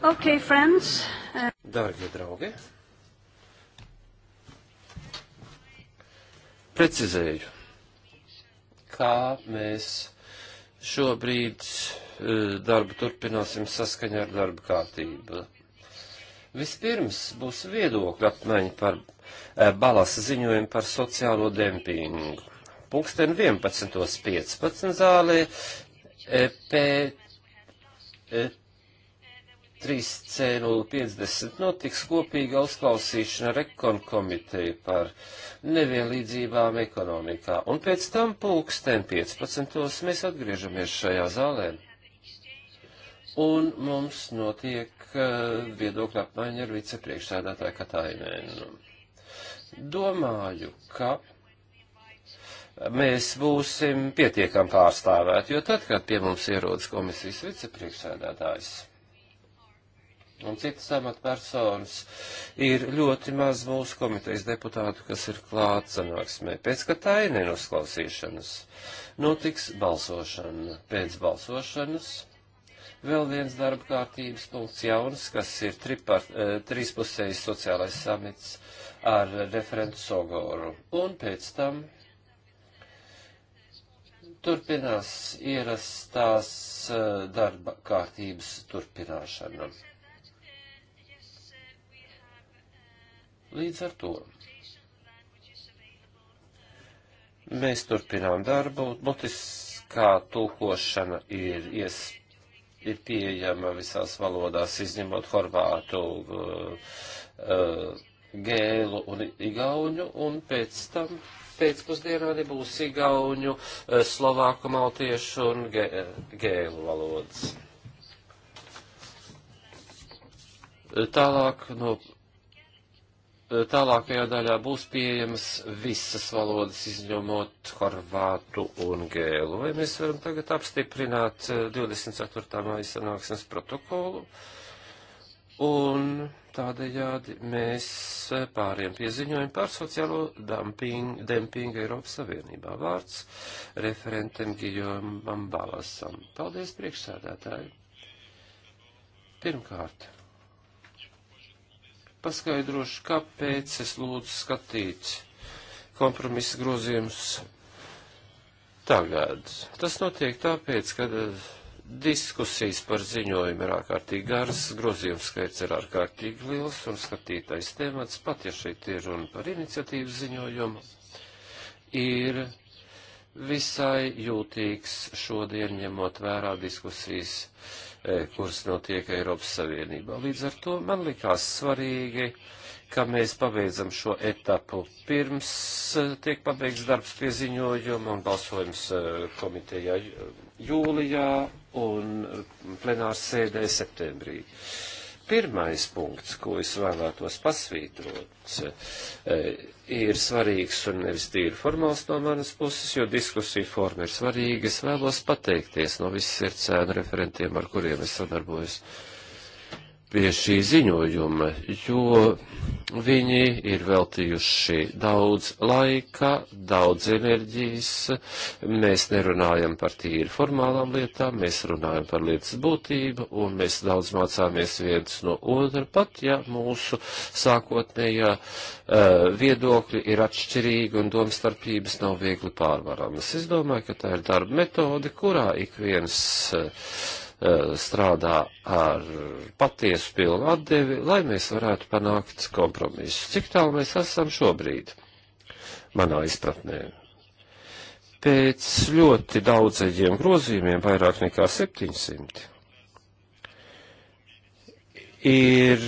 Ok, friends. Uh, Dārgie draugi, precizēju, kā mēs šobrīd uh, darbu turpināsim saskaņā ar darba kārtību. Vispirms būs viedokļa apmaiņa par uh, balas ziņojumu par sociālo dempingu. Pūksteni 11.15 zālē pēc 3C050 notiks kopīga uzklausīšana rekonu komiteju par nevienlīdzībām ekonomikā. Un pēc tam pulksten 15. mēs atgriežamies šajā zālē. Un mums notiek uh, viedokļa apmaiņa ar vicepriekšsēdētāju Katainēnu. Domāju, ka mēs būsim pietiekam pārstāvēti, jo tad, kad pie mums ierodas komisijas vicepriekšsēdētājs un citas amatpersonas, ir ļoti maz mūsu komitejas deputātu, kas ir klāt sanāksmē. Pēc Katainen uzklausīšanas notiks balsošana. Pēc balsošanas vēl viens darba kārtības punkts jauns, kas ir tripar, eh, trīspusējs sociālais samits ar referentu Sogoru. Un pēc tam turpinās ierastās eh, darba kārtības turpināšana. Līdz ar to mēs turpinām darbu. Mutiskā tulkošana ir iespēja ir pieejama visās valodās, izņemot horvātu, uh, uh, gēlu un igauņu, un pēc tam pēcpusdienā nebūs igauņu, uh, slovāku, maltiešu un gēlu valodas. Tālāk no Eh, tālākajā daļā būs pieejamas visas valodas, izņemot horvātu un gēlu. Vai mēs varam tagad apstiprināt 24. Eh, māja sanāksmes protokolu? Un tādējādi mēs eh, pāriem pieziņojam par sociālo dumpingu, dempingu Eiropas Savienībā. Vārds referentam Gijomam Balasam. Paldies priekšsēdētāji. Pirmkārt paskaidrošu, kāpēc es lūdzu skatīt kompromisa grozījumus tagad. Tas notiek tāpēc, ka eh, diskusijas par ziņojumu ir ārkārtīgi garas, grozījums skaits ir ārkārtīgi liels un skatītais temats, pat ja šeit ir runa par iniciatīvas ziņojumu, ir visai jūtīgs šodien ņemot vērā diskusijas E, kuras notiek Eiropas Savienībā. Līdz ar to man likās svarīgi, ka mēs pabeidzam šo etapu pirms e, tiek pabeigts darbs pie ziņojuma un balsojums e, komitejā jūlijā un plenārs sēdē septembrī. Uh, Pirmais punkts, ko es vēlētos pasvītrot, e, ir svarīgs un nevis tīri formāls no manas puses, jo diskusija forma ir svarīga. Es vēlos pateikties no visas sirds ēnu referentiem, ar kuriem es sadarbojos. Uh, pie šī ziņojuma, jo viņi ir veltījuši daudz laika, daudz enerģijas. Mēs nerunājam par tīri formālām lietām, mēs runājam par lietas būtību, un mēs daudz mācāmies viens no otra, pat ja mūsu sākotnējā uh, viedokļi ir atšķirīgi un domstarpības nav viegli pārvaramas. Es domāju, ka tā ir darba metode, kurā ik viens uh, Eh, strādā ar patiesu pilnu atdevi, lai mēs varētu panākt kompromisu. Cik tālu mēs esam šobrīd? Manā izpratnē. Pēc ļoti daudzajiem grozījumiem, vairāk nekā 700, ir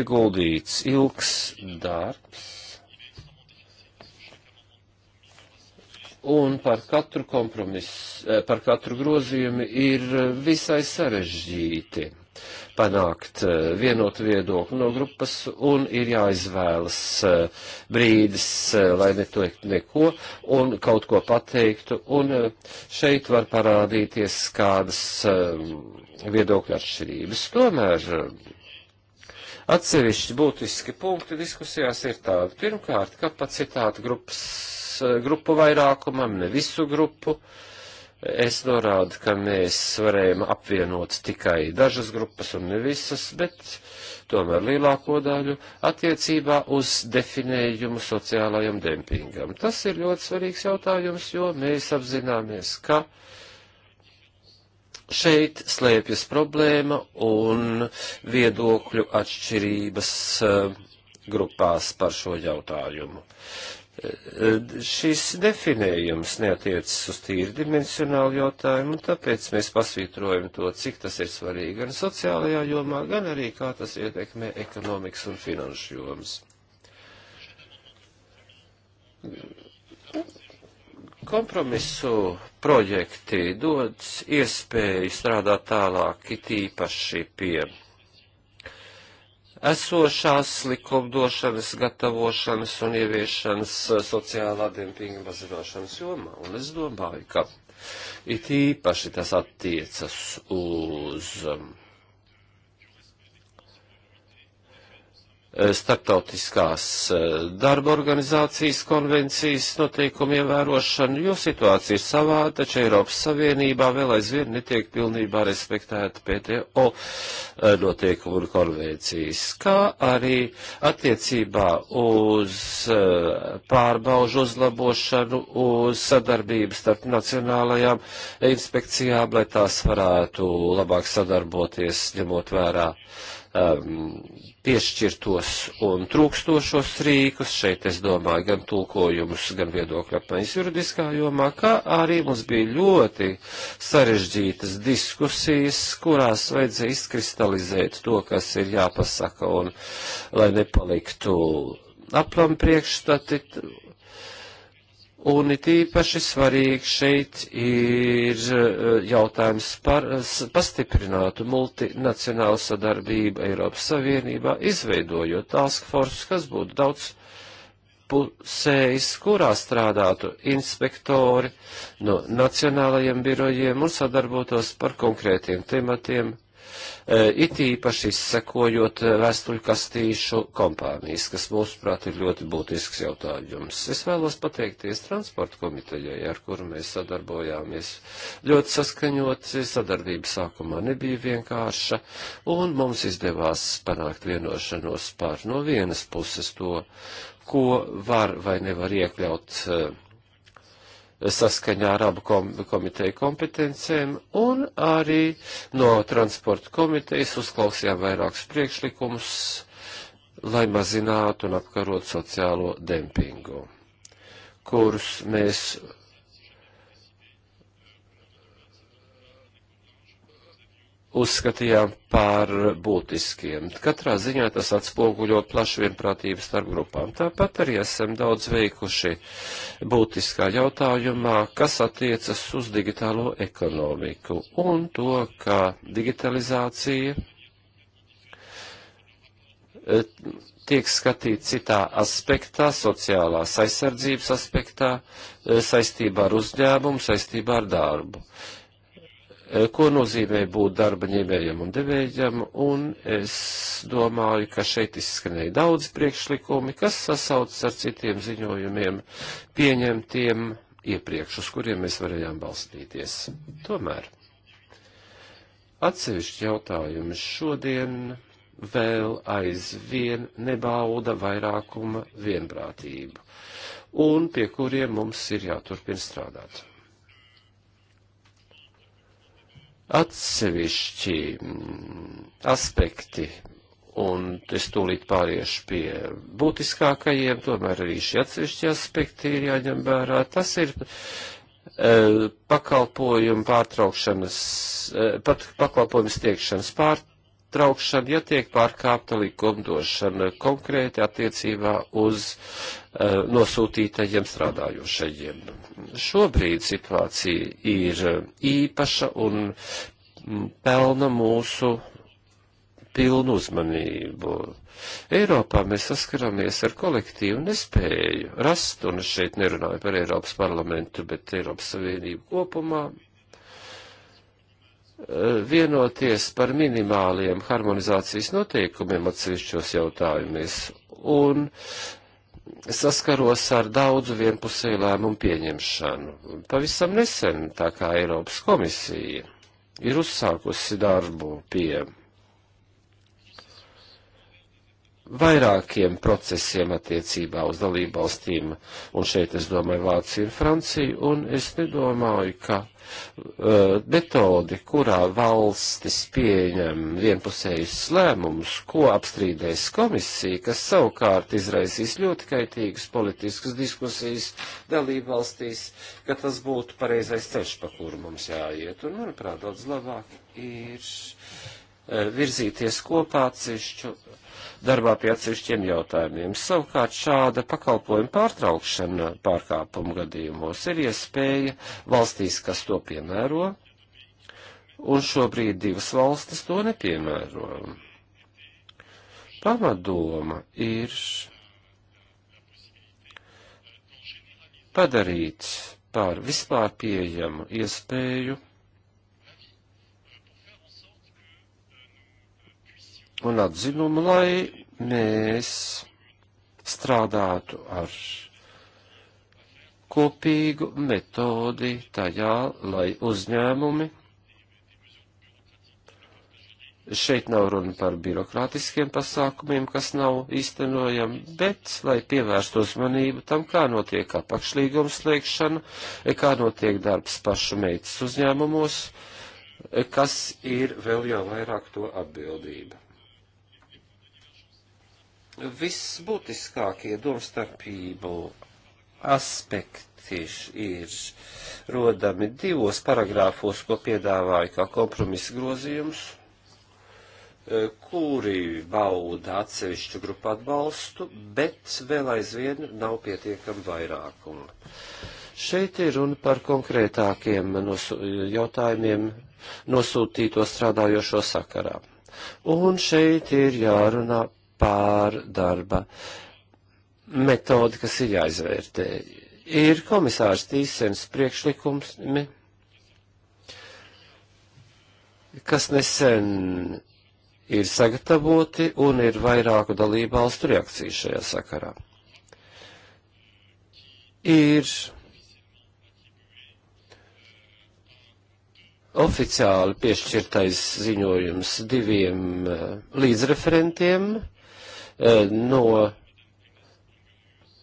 ieguldīts ilgs darbs, un par katru kompromisu, eh, par katru grozījumu ir eh, visai sarežģīti panākt eh, vienotu viedokli no grupas un ir jāizvēlas brīdis, lai netoikt neko un kaut ko pateiktu. Un šeit var parādīties kādas viedokļa atšķirības. Tomēr Atsevišķi būtiski punkti diskusijās ir tādi. Pirmkārt, kapacitāte grupas, eh, grupu vairākumam, ne visu grupu. Es norādu, ka mēs varējām apvienot tikai dažas grupas un ne visas, bet tomēr lielāko daļu attiecībā uz definējumu sociālajam dempingam. Tas ir ļoti svarīgs jautājums, jo mēs apzināmies, ka uh, Šeit slēpjas problēma un viedokļu atšķirības eh, grupās par šo jautājumu. Eh, šis definējums neatiecas uz tīri dimensionālu jautājumu, un tāpēc mēs pasvītrojam to, cik tas ir svarīgi gan sociālajā jomā, gan arī kā tas ietekmē ekonomikas un finanšu jomas. Kompromisu projekti dod iespēju strādāt tālāk, it īpaši pie esošās likumdošanas, gatavošanas un ieviešanas sociālā dempinga mazināšanas jomā. Un es domāju, ka it īpaši tas attiecas uz um, Eh, starptautiskās eh, darba organizācijas konvencijas noteikumu ievērošanu, jo situācija ir savāda, taču Eiropas Savienībā vēl aizvien netiek pilnībā respektēta PTO eh, noteikumu un konvencijas, kā arī attiecībā uz pārbaužu uzlabošanu, uz sadarbību starp nacionālajām inspekcijām, lai tās varētu labāk sadarboties, ņemot vērā um, piešķirtos un trūkstošos rīkus, šeit es domāju gan tulkojumus, gan viedokļu apmaiņas juridiskā jomā, kā arī mums bija ļoti sarežģītas diskusijas, kurās vajadzēja izkristalizēt to, kas ir jāpasaka, un lai nepaliktu aplam priekšstati Un it īpaši svarīgi šeit ir eh, jautājums par pastiprinātu multinacionālu sadarbību Eiropas Savienībā, izveidojot task force, kas būtu daudz pusējs, kurā strādātu inspektori no nacionālajiem birojiem un sadarbotos par konkrētiem tematiem Eh, it īpaši izsekojot vēstuļkastīšu kompānijas, kas mūsuprāt ir ļoti būtisks jautājums. Es vēlos pateikties transporta komitejai, ar kuru mēs sadarbojāmies ļoti saskaņot, sadarbība sākumā nebija vienkārša, un mums izdevās panākt vienošanos par no vienas puses to, ko var vai nevar iekļaut eh, saskaņā ar abu komiteju kompetencēm, un arī no transporta komitejas uzklausījām vairākus priekšlikumus, lai mazinātu un apkarot sociālo dempingu, kurus mēs uzskatījām par būtiskiem. Katrā ziņā tas atspoguļo plašu vienprātību starp grupām. Tāpat arī esam daudz veikuši būtiskā jautājumā, kas attiecas uz digitālo ekonomiku un to, ka digitalizācija eh, tiek skatīt citā aspektā, sociālās aizsardzības aspektā, eh, saistībā ar uzņēmumu, saistībā ar darbu. Uh, Eh, ko nozīmē būt darba ņēmējam un devējam, un es domāju, ka šeit izskanēja daudz priekšlikumi, kas sasaucas ar citiem ziņojumiem pieņemtiem iepriekš, uz kuriem mēs varējām balstīties. Tomēr atsevišķi jautājumi šodien vēl aizvien nebauda vairākuma vienprātību, un pie kuriem mums ir jāturpina strādāt. Atsevišķi mm, aspekti, un es tūlīt pāriešu pie būtiskākajiem, tomēr arī šie atsevišķi aspekti ir jāņem vērā. Tas ir e, pakalpojumu pārtraukšanas, e, pat pakalpojumu sniegšanas pārtraukšana, ja tiek pārkāpta likumdošana konkrēti attiecībā uz nosūtītajiem strādājošajiem. Šobrīd situācija ir īpaša un pelna mūsu pilnu uzmanību. Eiropā mēs saskaramies ar kolektīvu nespēju rast, un es šeit nerunāju par Eiropas parlamentu, bet Eiropas Savienību kopumā, vienoties par minimāliem harmonizācijas noteikumiem atsevišķos jautājumies, un saskaros ar daudzu vienpusēju lēmumu pieņemšanu. Pavisam nesen tā kā Eiropas komisija ir uzsākusi darbu pie vairākiem procesiem attiecībā uz dalībvalstīm, un šeit es domāju Vāciju un Franciju, un es nedomāju, ka uh, eh, metodi, kurā valstis pieņem vienpusējus lēmumus, ko apstrīdēs komisija, kas savukārt izraisīs ļoti kaitīgas politiskas diskusijas dalībvalstīs, ka tas būtu pareizais ceļš, pa kuru mums jāiet, un manuprāt, daudz labāk ir eh, virzīties kopā atsevišķu darbā pie atsevišķiem jautājumiem. Savukārt šāda pakalpojuma pārtraukšana pārkāpumu gadījumos ir iespēja valstīs, kas to piemēro, un šobrīd divas valstis to nepiemēro. Pamatdoma ir padarīt par vispār pieejamu iespēju un atzinumu, lai mēs strādātu ar kopīgu metodi tajā, lai uzņēmumi šeit nav runa par birokrātiskiem pasākumiem, kas nav īstenojami, bet lai pievērstu uzmanību tam, kā notiek apakšlīguma slēgšana, kā notiek darbs pašu meitas uzņēmumos, kas ir vēl jau vairāk to atbildība. Visbūtiskākie domstarpību aspekti ir rodami divos paragrāfos, ko piedāvāju kā kompromisa grozījums, eh, kuri bauda atsevišķu grupu atbalstu, bet vēl aizvien nav pietiekama vairākuma. Šeit ir runa par konkrētākiem nos jautājumiem nosūtīto strādājošo sakarā. Un šeit ir jārunā pār darba metodi, kas ir jāizvērtē. Ir komisārs Tīsens priekšlikums, kas nesen ir sagatavoti un ir vairāku dalību valstu reakciju šajā sakarā. Ir oficiāli piešķirtais ziņojums diviem eh, līdzreferentiem, uh, Eh, no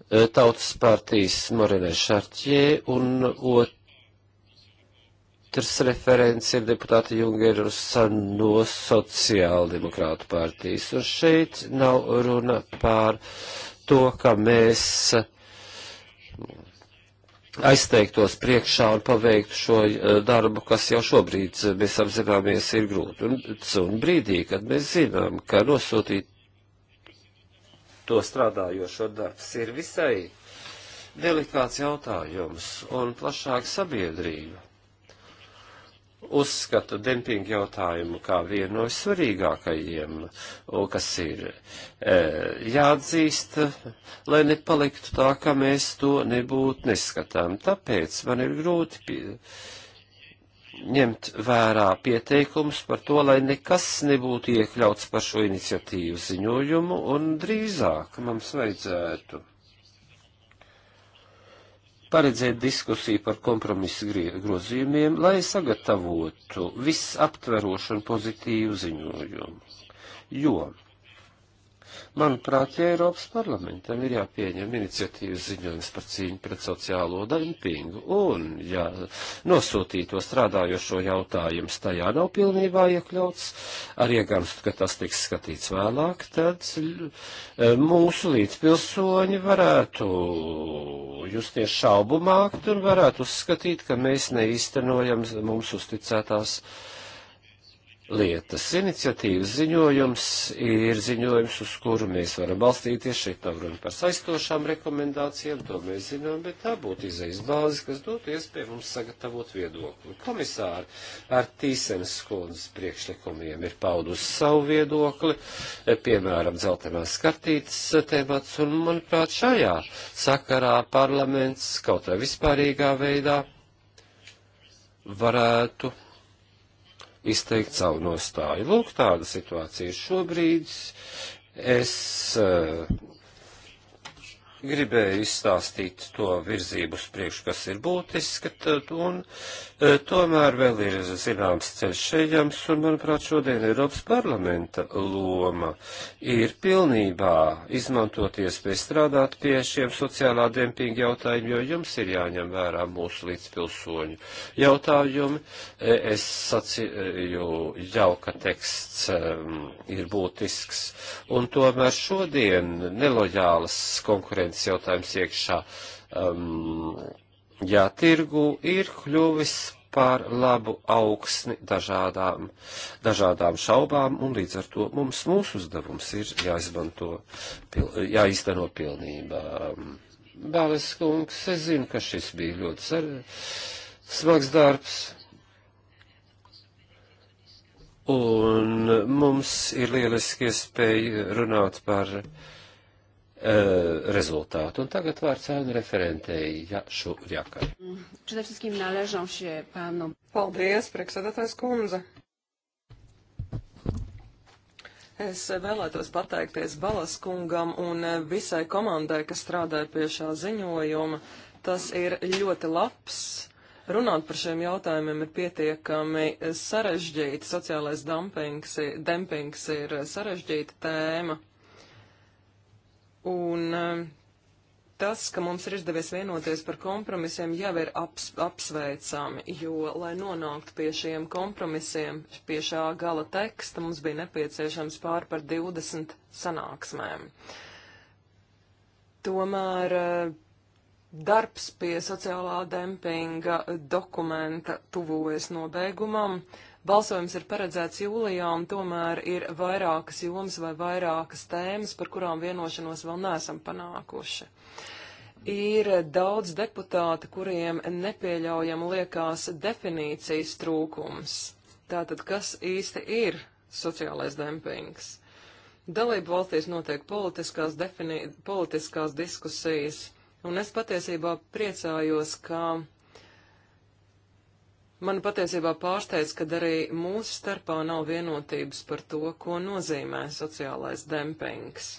eh, Tautas partijas Morenē Šarķē un otrs referents ir deputāta Jungerus no Sociāldemokrātu partijas. Un šeit nav runa pār to, ka mēs aizteiktos priekšā un paveiktu šo eh, darbu, kas jau šobrīd mēs apzināmies ir grūti. Un, un brīdī, kad mēs zinām, ka nosūtīt to strādājošo darbs ir visai delikāts jautājums un plašāk sabiedrība. Uzskatu dempingu jautājumu kā vienu no svarīgākajiem, kas ir e, jāatzīst, lai nepaliktu tā, ka mēs to nebūtu neskatām. Tāpēc man ir grūti pie, ņemt vērā pieteikumus par to, lai nekas nebūtu iekļauts par šo iniciatīvu ziņojumu, un drīzāk mums vajadzētu paredzēt diskusiju par kompromisu grozījumiem, lai sagatavotu visaptverošu un pozitīvu ziņojumu. Jo Manuprāt, ja Eiropas parlamentam ir jāpieņem iniciatīvas ziņojums par cīņu pret sociālo dumpingu un, ja nosūtīto strādājošo jautājums tajā nav pilnībā iekļauts, ar iegāmstu, ka tas tiks skatīts vēlāk, tad eh, mūsu līdzpilsoņi varētu justies šaubumākt un varētu uzskatīt, ka mēs neīstenojam mums uzticētās uh, lietas. Iniciatīvas ziņojums ir ziņojums, uz kuru mēs varam balstīties. Šeit nav runa par saistošām rekomendācijām, to mēs zinām, bet tā būtu izejas bāze, kas dotu iespēju mums sagatavot viedokli. Komisāri ar Tīsenes skundas priekšlikumiem ir paudusi savu viedokli, piemēram, dzeltenās kartītes temats, un, manuprāt, šajā sakarā parlaments kaut vai vispārīgā veidā varētu izteikt savu nostāju. Lūk, tāda situācija ir šobrīd. Es uh, gribēju izstāstīt to virzību uz priekšu, kas ir būtiska, tad, un e, tomēr vēl ir zināms ceļš ejams, un, manuprāt, šodien Eiropas parlamenta loma ir pilnībā izmantot iespēju strādāt pie šiem sociālā dempinga jautājumiem, jo jums ir jāņem vērā mūsu līdzpilsoņu jautājumi. E, es sacīju jau, ka teksts e, ir būtisks, un tomēr šodien nelojālas konkurences konkurences jautājums iekšā. Um, jā, tirgu ir kļuvis par labu augsni dažādām, dažādām šaubām, un līdz ar to mums mūsu uzdevums ir jāizmanto, pil, jāizteno pilnībā. Bāles kungs, es zinu, ka šis bija ļoti sar, smags darbs, un mums ir lieliski iespēja runāt par uh, Eh, rezultātu. Un tagad vārds ēnu referentēji Jašu Rjakai. Paldies, priekšsēdētājs kundze. Es vēlētos pateikties Balas kungam un visai komandai, kas strādāja pie šā ziņojuma. Tas ir ļoti labs. Runāt par šiem jautājumiem ir pietiekami sarežģīti. Sociālais dumpings, dempings ir sarežģīta tēma. Un um, tas, ka mums ir izdevies vienoties par kompromisiem, jau ir aps, apsveicami, jo, lai nonāktu pie šiem kompromisiem, pie šā gala teksta, mums bija nepieciešams pār par 20 sanāksmēm. Tomēr uh, darbs pie sociālā dempinga dokumenta tuvojas nobeigumam, Balsojums ir paredzēts jūlijā, un tomēr ir vairākas jomas vai vairākas tēmas, par kurām vienošanos vēl neesam panākuši. Ir daudz deputāti, kuriem nepieļaujam liekas definīcijas trūkums. Tātad, kas īsti ir sociālais dempings? Dalību valstīs notiek politiskās, definī... politiskās diskusijas, un es patiesībā priecājos, ka Man patiesībā pārsteidz, ka arī mūsu starpā nav vienotības par to, ko nozīmē sociālais dempings.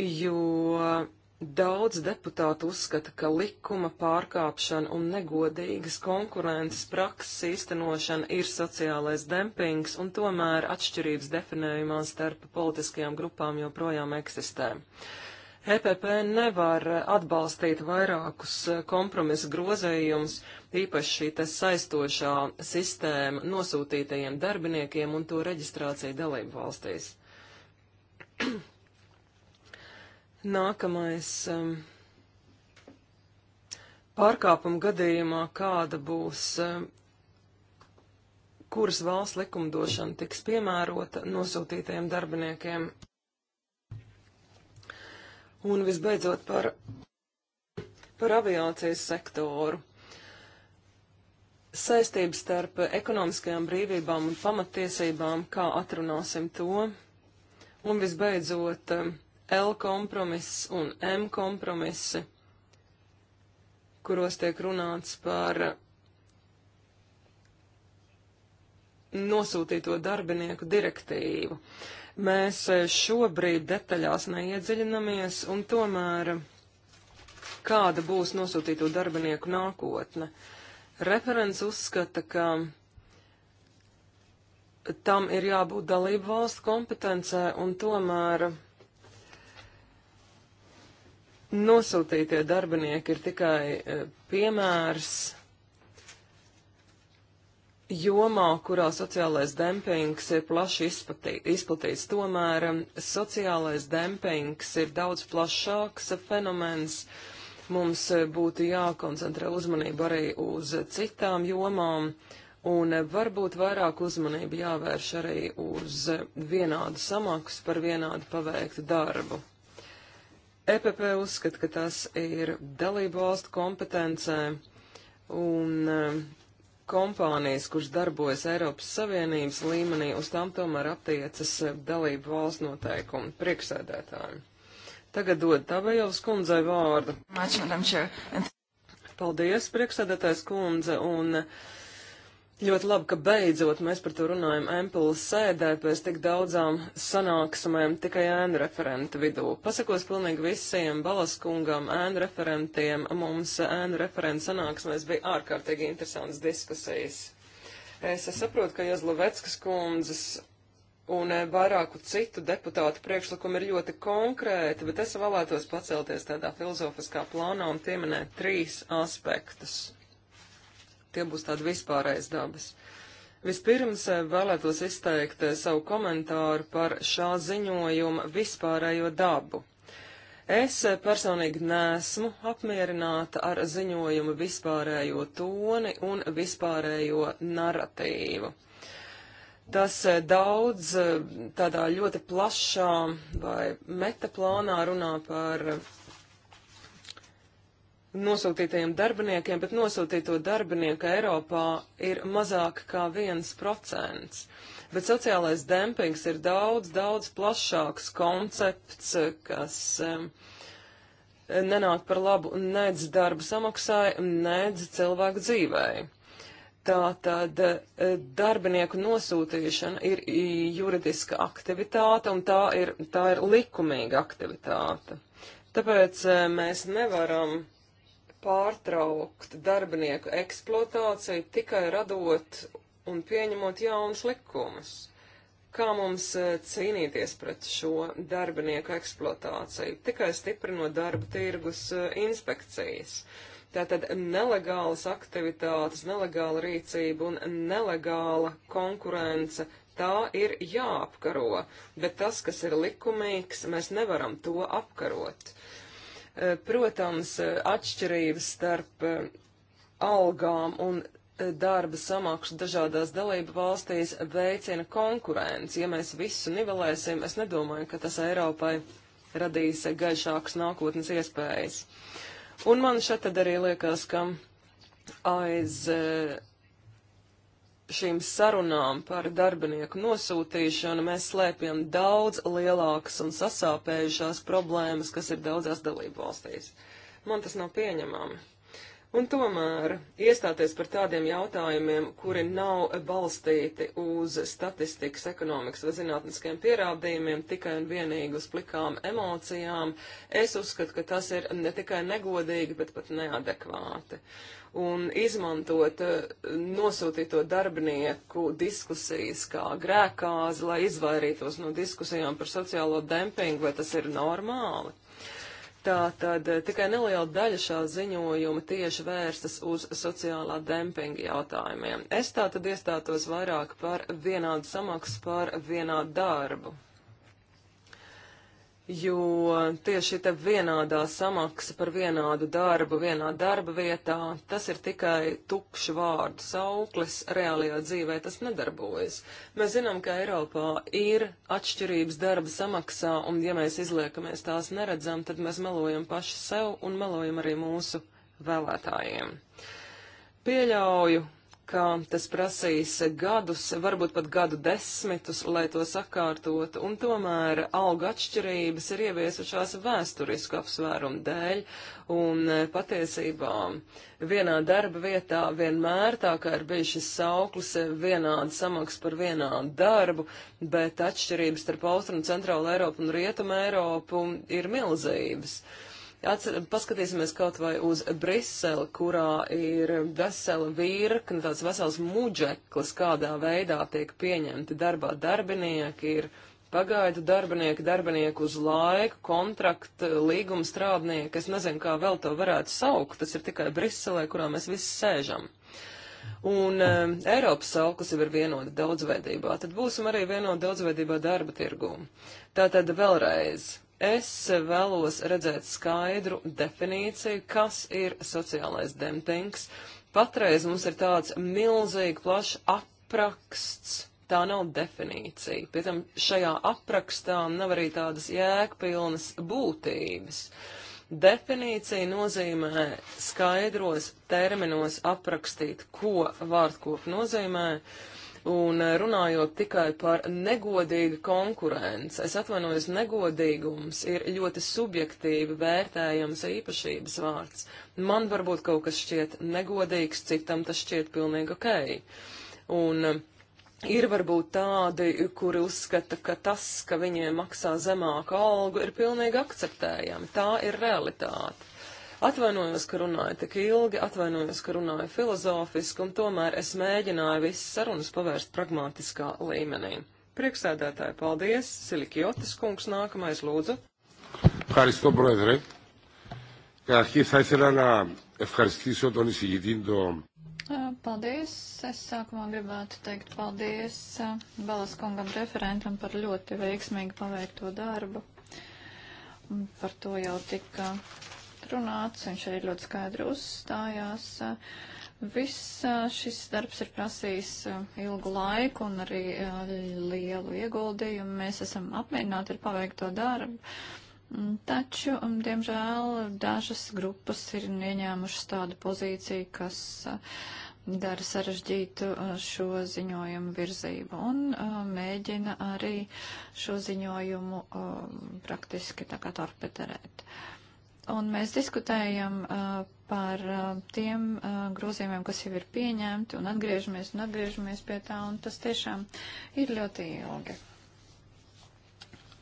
Jo daudz deputātu uzskata, ka likuma pārkāpšana un negodīgas konkurences prakses īstenošana ir sociālais dempings, un tomēr atšķirības definējumā starp politiskajām grupām joprojām eksistē. Uh, EPP nevar atbalstīt vairākus e, kompromisa grozējumus, īpaši šī saistošā sistēma nosūtītajiem darbiniekiem un to reģistrācija dalību valstīs. Nākamais pārkāpuma gadījumā, kāda būs, kuras valsts likumdošana tiks piemērota nosūtītajiem darbiniekiem Un visbeidzot par, par aviācijas sektoru. Saistības starp ekonomiskajām brīvībām un pamatiesībām, kā atrunāsim to. Un visbeidzot um, L kompromiss un M kompromisi, kuros tiek runāts par nosūtīto darbinieku direktīvu. Uh, Mēs eh, šobrīd detaļās neiedziļinamies, un tomēr kāda būs nosūtīto darbinieku nākotne. Referents uzskata, ka tam ir jābūt dalību valstu kompetencē, un tomēr nosūtītie darbinieki ir tikai eh, piemērs jomā, kurā sociālais dempings ir plaši izplatīts. Tomēr um, sociālais dempings ir daudz plašāks fenomens. Mums uh, būtu jākoncentrē uzmanība arī uz citām jomām, un uh, varbūt vairāk uzmanība jāvērš arī uz uh, vienādu samaksu par vienādu paveiktu darbu. EPP uzskata, ka tas ir dalību valstu kompetencē, un um, kompānijas, kuras darbojas Eiropas Savienības līmenī, uz tām tomēr attiecas eh, dalību valsts noteikumi priekšsēdētājiem. Tagad dod Tavajovas kundzei vārdu. Paldies, priekšsēdētājs kundze, un uh, Ļoti labi, ka beidzot mēs par to runājam Empilas sēdē pēc tik daudzām sanāksmēm tikai ēnu referenta vidū. Pasakos pilnīgi visiem balaskungam, ēnu referentiem. Mums ēnu referenta sanāksmēs bija ārkārtīgi interesants diskusijas. Es, es saprotu, ka Jazlovetskas kundzes un vairāku citu deputātu priekšlikumi ir ļoti konkrēti, bet es vēlētos pacelties tādā filozofiskā plānā un pieminēt trīs aspektus tie būs tādi vispārējais dabas. Vispirms eh, vēlētos izteikt eh, savu komentāru par šā ziņojuma vispārējo dabu. Es eh, personīgi nesmu apmierināta ar ziņojumu vispārējo toni un vispārējo naratīvu. Tas daudz tādā ļoti plašā vai metaplānā runā par nosūtītajiem darbiniekiem, bet nosūtīto darbinieku Eiropā ir mazāk kā viens procents. Bet sociālais dempings ir daudz, daudz plašāks koncepts, kas um, nenāk par labu nedz darba samaksai, nedz cilvēku dzīvēi. Tātad eh, darbinieku nosūtīšana ir juridiska aktivitāte un tā ir, tā ir likumīga aktivitāte. Tāpēc eh, mēs nevaram pārtraukt darbinieku eksploatāciju tikai radot un pieņemot jaunus likumus. Kā mums eh, cīnīties pret šo darbinieku eksploatāciju? Tikai stiprinot darba tirgus eh, inspekcijas. Tātad nelegālas aktivitātes, nelegāla rīcība un nelegāla konkurence tā ir jāapkaro, bet tas, kas ir likumīgs, mēs nevaram to apkarot. Uh, Eh, protams, eh, atšķirības starp eh, algām un darba samaksu dažādās dalību valstīs veicina konkurenci. Ja mēs visu nivelēsim, es nedomāju, ka tas Eiropai radīs gaišākas nākotnes iespējas. Un man šeit tad arī liekas, ka aiz šīm sarunām par darbinieku nosūtīšanu mēs slēpjam daudz lielākas un sasāpējušās problēmas, kas ir daudzās dalību valstīs. Man tas nav pieņemami. Un tomēr iestāties par tādiem jautājumiem, kuri nav balstīti uz statistikas, ekonomikas vai zinātniskiem pierādījumiem, tikai un vienīgi uz plikām emocijām, es uzskatu, ka tas ir ne tikai negodīgi, bet pat neadekvāti. Un izmantot eh, nosūtīto darbinieku diskusijas kā grēkāzi, lai izvairītos no diskusijām par sociālo dempingu, vai tas ir normāli? Tātad eh, tikai neliela daļa šā ziņojuma tieši vērstas uz sociālā dempinga jautājumiem. Es tātad iestātos vairāk par vienādu samaksu par vienādu darbu jo tieši te vienādā samaksa par vienādu darbu, vienā darba vietā, tas ir tikai tukšu vārdu sauklis, reālajā dzīvē tas nedarbojas. Mēs zinām, ka Eiropā ir atšķirības darba samaksā, un ja mēs izliekamies tās neredzam, tad mēs melojam paši sev un melojam arī mūsu vēlētājiem. Pieļauju, ka tas prasīs gadus, varbūt pat gadu desmitus, lai to sakārtotu, un tomēr alga atšķirības ir ieviesušās vēsturisku apsvērumu dēļ, un e, patiesībā vienā darba vietā vienmēr tā kā ir bijis šis sauklis e, vienāda samaksa par vienādu darbu, bet atšķirības starp Austrumu, Centrālu Eiropu un Rietumu Eiropu ir milzīgas. Uh, Atcer, paskatīsimies kaut vai uz Briseli, kurā ir vesela virkne, tāds vesels muģeklis, kādā veidā tiek pieņemti darbā darbinieki, ir pagaidu darbinieki, darbinieku uz laiku, kontraktu, līguma strādnieki, es nezinu, kā vēl to varētu saukt, tas ir tikai Briselē, kurā mēs visi sēžam. Un e, Eiropas saukas jau ir vienota daudzveidībā, tad būsim arī vienota daudzveidībā darba tirgū. Tātad vēlreiz, Es vēlos redzēt skaidru definīciju, kas ir sociālais dempings. Patreiz mums ir tāds milzīgi plašs apraksts. Tā nav definīcija. Pēc tam šajā aprakstā nav arī tādas jēgpilnas būtības. Definīcija nozīmē skaidros terminos aprakstīt, ko vārdkop nozīmē. Uh, Un eh, runājot tikai par negodīgu konkurenci, es atvainojos, negodīgums ir ļoti subjektīvi vērtējams īpašības vārds. Man varbūt kaut kas šķiet negodīgs, citam tas šķiet pilnīgi ok. Un eh, ir varbūt tādi, kuri uzskata, ka tas, ka viņiem maksā zemāku algu, ir pilnīgi akceptējami. Tā ir realitāte. Atvainojos, ka runāju tik ilgi, atvainojos, ka runāju filozofiski, un tomēr es mēģināju visas sarunas pavērst pragmatiskā līmenī. Priekšsēdētāji, paldies! Silikjotis kungs nākamais lūdzu. Ευχαριστώ, Πρόεδρε. Καταρχήν θα ήθελα να ευχαριστήσω τον εισηγητή τον... Paldies! Es sākumā gribētu teikt paldies Balas kungam referentam par ļoti veiksmīgi paveikto darbu. Par to jau tika runāts, viņš arī ļoti skaidri uzstājās. Viss šis darbs ir prasījis ilgu laiku un arī lielu ieguldījumu. Mēs esam apmierināti ar paveikto darbu. Mm, taču, um, diemžēl, dažas grupas ir ieņēmušas tādu pozīciju, kas dara sarežģītu šo ziņojumu virzību un mēģina arī šo ziņojumu praktiski tā kā torpederēt. Uh, Un mēs diskutējam uh, par uh, tiem uh, grozījumiem, kas jau ir pieņemti, un atgriežamies un atgriežamies pie tā, un tas tiešām ir ļoti ilgi.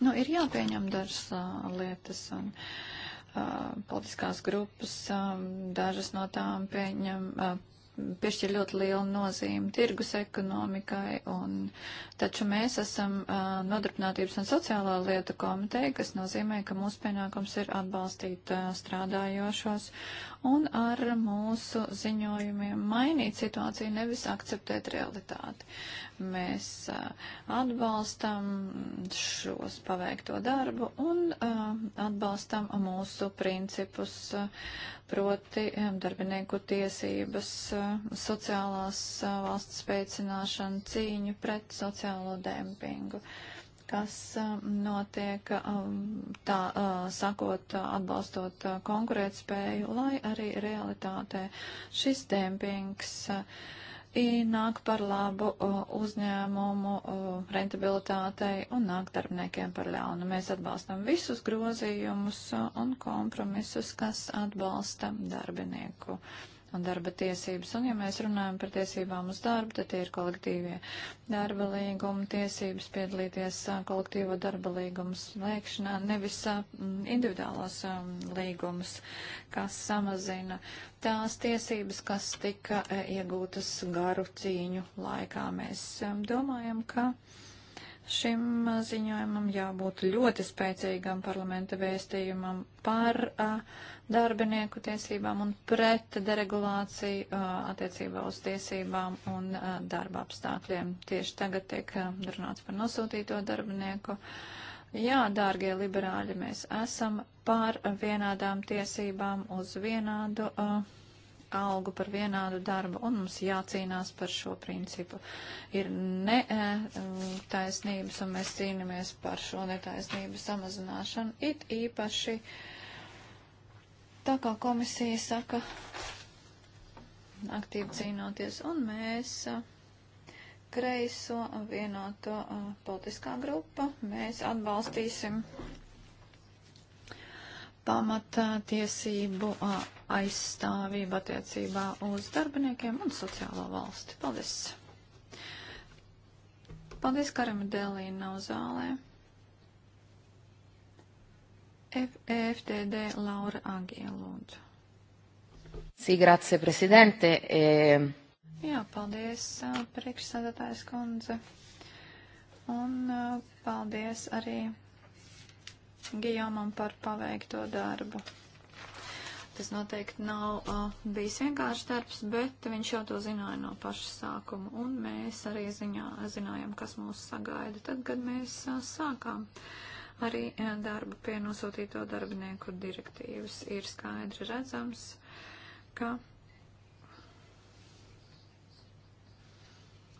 Nu, ir jāpieņem dažas uh, lietas, un uh, politiskās grupas, um, dažas no tām pieņem, uh, piešķir ļoti lielu nozīmi tirgus ekonomikai, un taču mēs esam uh, nodarbinātības un sociālā lieta komiteja, kas nozīmē, ka mūsu pienākums ir atbalstīt uh, strādājošos un ar mūsu ziņojumiem mainīt situāciju, nevis akceptēt realitāti. Mēs uh, atbalstam šos paveikto darbu un uh, atbalstam mūsu principus. Uh, proti darbinieku tiesības, sociālās valsts spēcināšanu, cīņu pret sociālo dempingu kas notiek, tā eh, sakot, atbalstot eh, konkurētspēju, lai arī realitātē šis dempings uh, nāk par labu uzņēmumu rentabilitātei un nāk darbiniekiem par ļaunu. Mēs atbalstam visus grozījumus un kompromisus, kas atbalsta darbinieku un darba tiesības. Un ja mēs runājam par tiesībām uz darbu, tad tie ir kolektīvie darba līguma tiesības piedalīties kolektīvo darba līgumu slēgšanā, nevis individuālos līgumus, kas samazina tās tiesības, kas tika iegūtas garu cīņu laikā. Mēs domājam, ka Šim ziņojumam jābūt ļoti spēcīgam parlamenta vēstījumam par a, darbinieku tiesībām un pret deregulāciju a, attiecībā uz tiesībām un a, darba apstākļiem. Tieši tagad tiek runāts par nosūtīto darbinieku. Jā, dārgie liberāļi, mēs esam par vienādām tiesībām uz vienādu. Uh, algu par vienādu darbu, un mums jācīnās par šo principu. Ir netaisnības, e, un mēs cīnāmies par šo netaisnību samazināšanu, it īpaši tā kā komisija saka, aktīvi cīnoties, un mēs. E, kreiso vienoto e, politiskā grupa. Mēs atbalstīsim pamattiesību aizstāvību attiecībā uz darbiniekiem un sociālo valsti. Paldies! Paldies, Karama Dēlīna nav zālē. EFTD Laura Agie, lūdzu. Sī, grazie, prezidente. E... Jā, paldies, priekšsēdētājs kundze. Un paldies arī Gijomam par paveikto darbu. Tas noteikti nav uh, bijis vienkāršs darbs, bet viņš jau to zināja no paša sākuma. Un mēs arī ziņā, zinājām, kas mūs sagaida tad, kad mēs uh, sākām. Arī uh, darba pie nosūtīto darbinieku direktīvas ir skaidri redzams, ka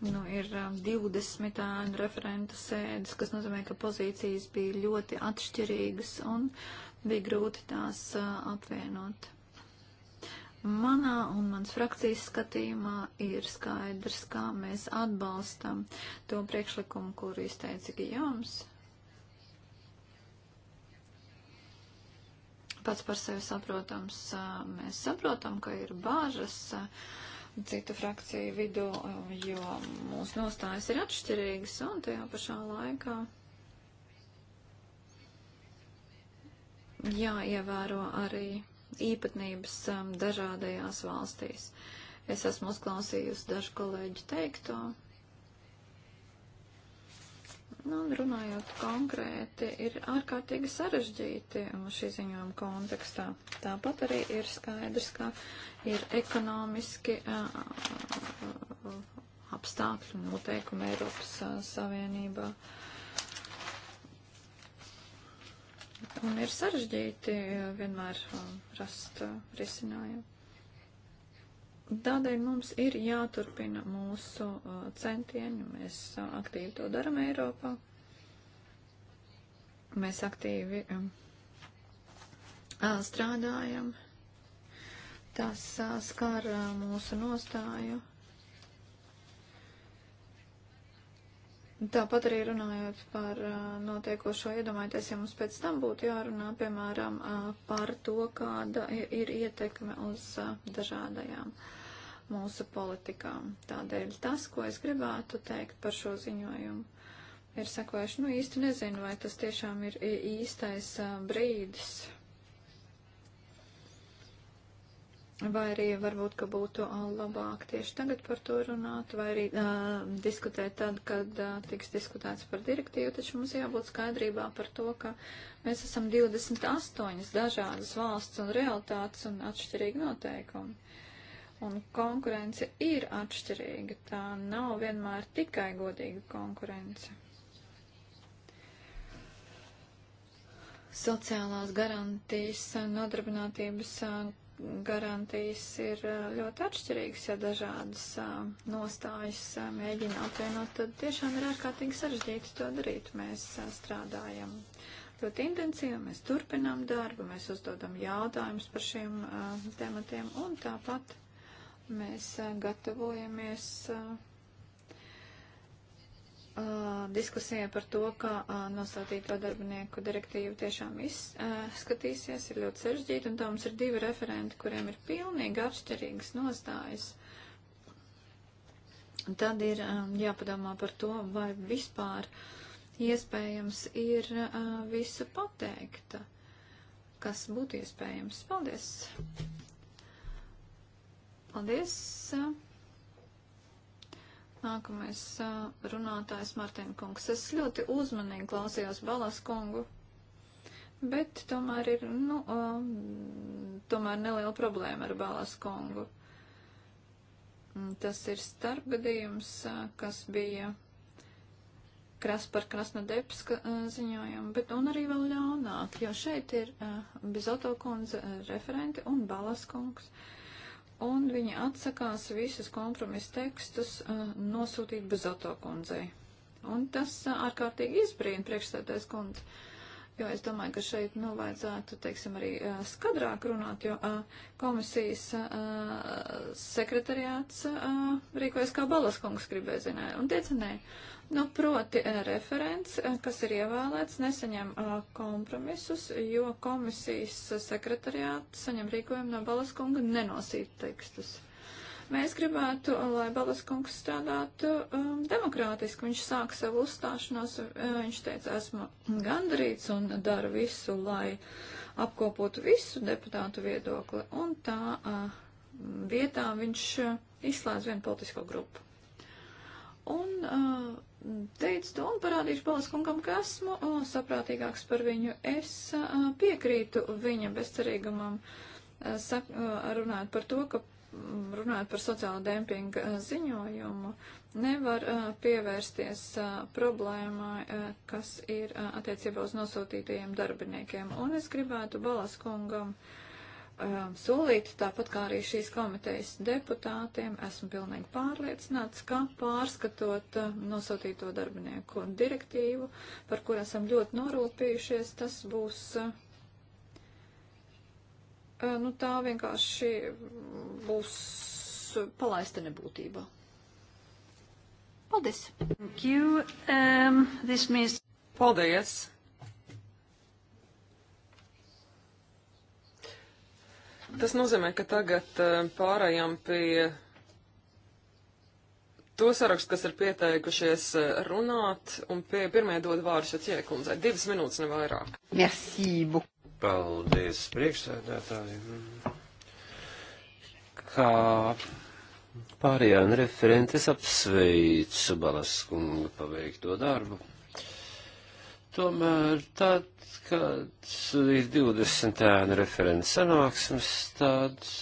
Nu, ir 20 um, ēnu referentu sēdes, kas nozīmē, ka pozīcijas bija ļoti atšķirīgas un bija grūti tās uh, apvienot. Manā un mans frakcijas skatījumā ir skaidrs, kā mēs atbalstam to priekšlikumu, kuru izteica Gijoms. Pats par sevi saprotams, uh, mēs saprotam, ka ir bāžas. Uh, citu frakciju vidū, jo mūsu nostājas ir atšķirīgas un tajā pašā laikā jāievēro arī īpatnības um, dažādajās valstīs. Es esmu uzklausījusi dažu kolēģu teikto Nu, un runājot konkrēti, ir ārkārtīgi sarežģīti šī ziņojuma kontekstā. Tāpat arī ir skaidrs, ka ir ekonomiski apstākļi un noteikumi Eiropas Savienībā. Un ir sarežģīti vienmēr rast risinājumu. Tādēļ mums ir jāturpina mūsu uh, centieni, mēs uh, aktīvi to daram Eiropā. Mēs aktīvi um, uh, strādājam. Tas skar mūsu nostāju. Tāpat arī runājot par notiekošo iedomājieties, ja mums pēc tam būtu jārunā, piemēram, par to, kāda ir ietekme uz dažādajām uh, mūsu politikām. Tādēļ tas, ko es gribētu teikt par šo ziņojumu, ir sakojuši, nu īsti nezinu, vai tas tiešām ir īstais uh, brīdis. Vai arī varbūt, ka būtu uh, labāk tieši tagad par to runāt, vai arī uh, diskutēt tad, kad uh, tiks diskutēts par direktīvu, taču mums jābūt skaidrībā par to, ka mēs esam 28 dažādas valsts un realitātes un atšķirīgi noteikumi. Un konkurence ir atšķirīga, tā nav vienmēr tikai godīga konkurence. Sociālās garantijas, nodarbinātības garantijas ir ļoti atšķirīgas, ja dažādas nostājas mēģina apvienot, tad tiešām ir ārkārtīgi sarežģīti to darīt. Mēs strādājam ļoti intensīvi, mēs turpinām darbu, mēs uzdodam jautājumus par šiem uh, tematiem un tāpat Mēs eh, gatavojamies eh, eh, diskusijai par to, kā nosautīto darbinieku direktīvu tiešām izskatīsies, ir ļoti sarežģīta, un tā mums ir divi referenti, kuriem ir pilnīgi atšķirīgas nostājas. Tad ir jāpadomā par to, vai vispār iespējams ir visu pateikt, kas būtu iespējams. Paldies! Paldies! Nākamais runātājs Martina Kungs. Es ļoti uzmanīgi klausījos Balas kungu, bet tomēr ir, nu, tomēr neliela problēma ar Balas kungu. Tas ir starpgadījums, kas bija kras par Krasnodebska ziņojumu, bet un arī vēl ļaunāk, jo šeit ir Bizoto kundze referente un Balas kungs. Uh, un viņi atsakās visus kompromisu tekstus uh, nosūtīt Bezoto kundzei. Un tas uh, ārkārtīgi izbrīna priekšstādājs kundze. Uh, jo es domāju, ka šeit, nu, vajadzētu, teiksim, arī uh, skadrāk runāt, jo uh, komisijas uh, sekretariāts uh, rīkojas kā balaskungs gribēja zināt, un teica nē. Nu, proti, uh, referents, uh, kas ir ievēlēts, nesaņem uh, kompromisus, jo komisijas sekretariāts saņem rīkojumu no balaskunga nenosīt tekstus. Uh, Mēs gribētu, lai Balas kungs strādātu um, demokrātiski. Viņš sāk savu uzstāšanos, uh, viņš teica, esmu gandarīts un daru visu, lai apkopotu visu deputātu viedokli. Un tā uh, vietā viņš uh, izslēdz vienu politisko grupu. Un uh, teicu to un parādīšu Balas kungam, ka esmu o, uh, saprātīgāks par viņu. Es a, uh, piekrītu viņa bezcerīgumam, a, sak, a, runājot par to, ka runājot par sociālo dempinga eh, ziņojumu, nevar eh, pievērsties eh, problēmai, kas ir attiecībā uz nosūtītajiem darbiniekiem. Un es gribētu Balaskungam solīt, tāpat kā arī šīs komitejas deputātiem, esmu pilnīgi pārliecināts, ka pārskatot nosūtīto darbinieku direktīvu, par kur esam ļoti norūpījušies, tas būs uh, nu, tā vienkārši būs palaista nebūtībā. Paldies! Thank you. Um, this means... Paldies! Tas nozīmē, ka tagad pārējām pie to sarakstu, kas ir pieteikušies runāt, un pie pirmie dod vārdu Šaķiekundzei. Divas minūtes nevairāk. Merci beaucoup. Paldies priekšsēdētājiem. Kā pārējā un referentes apsveicu Balaskunga paveikto darbu. Tomēr tad, kad ir 20. referents sanāksmes, tāds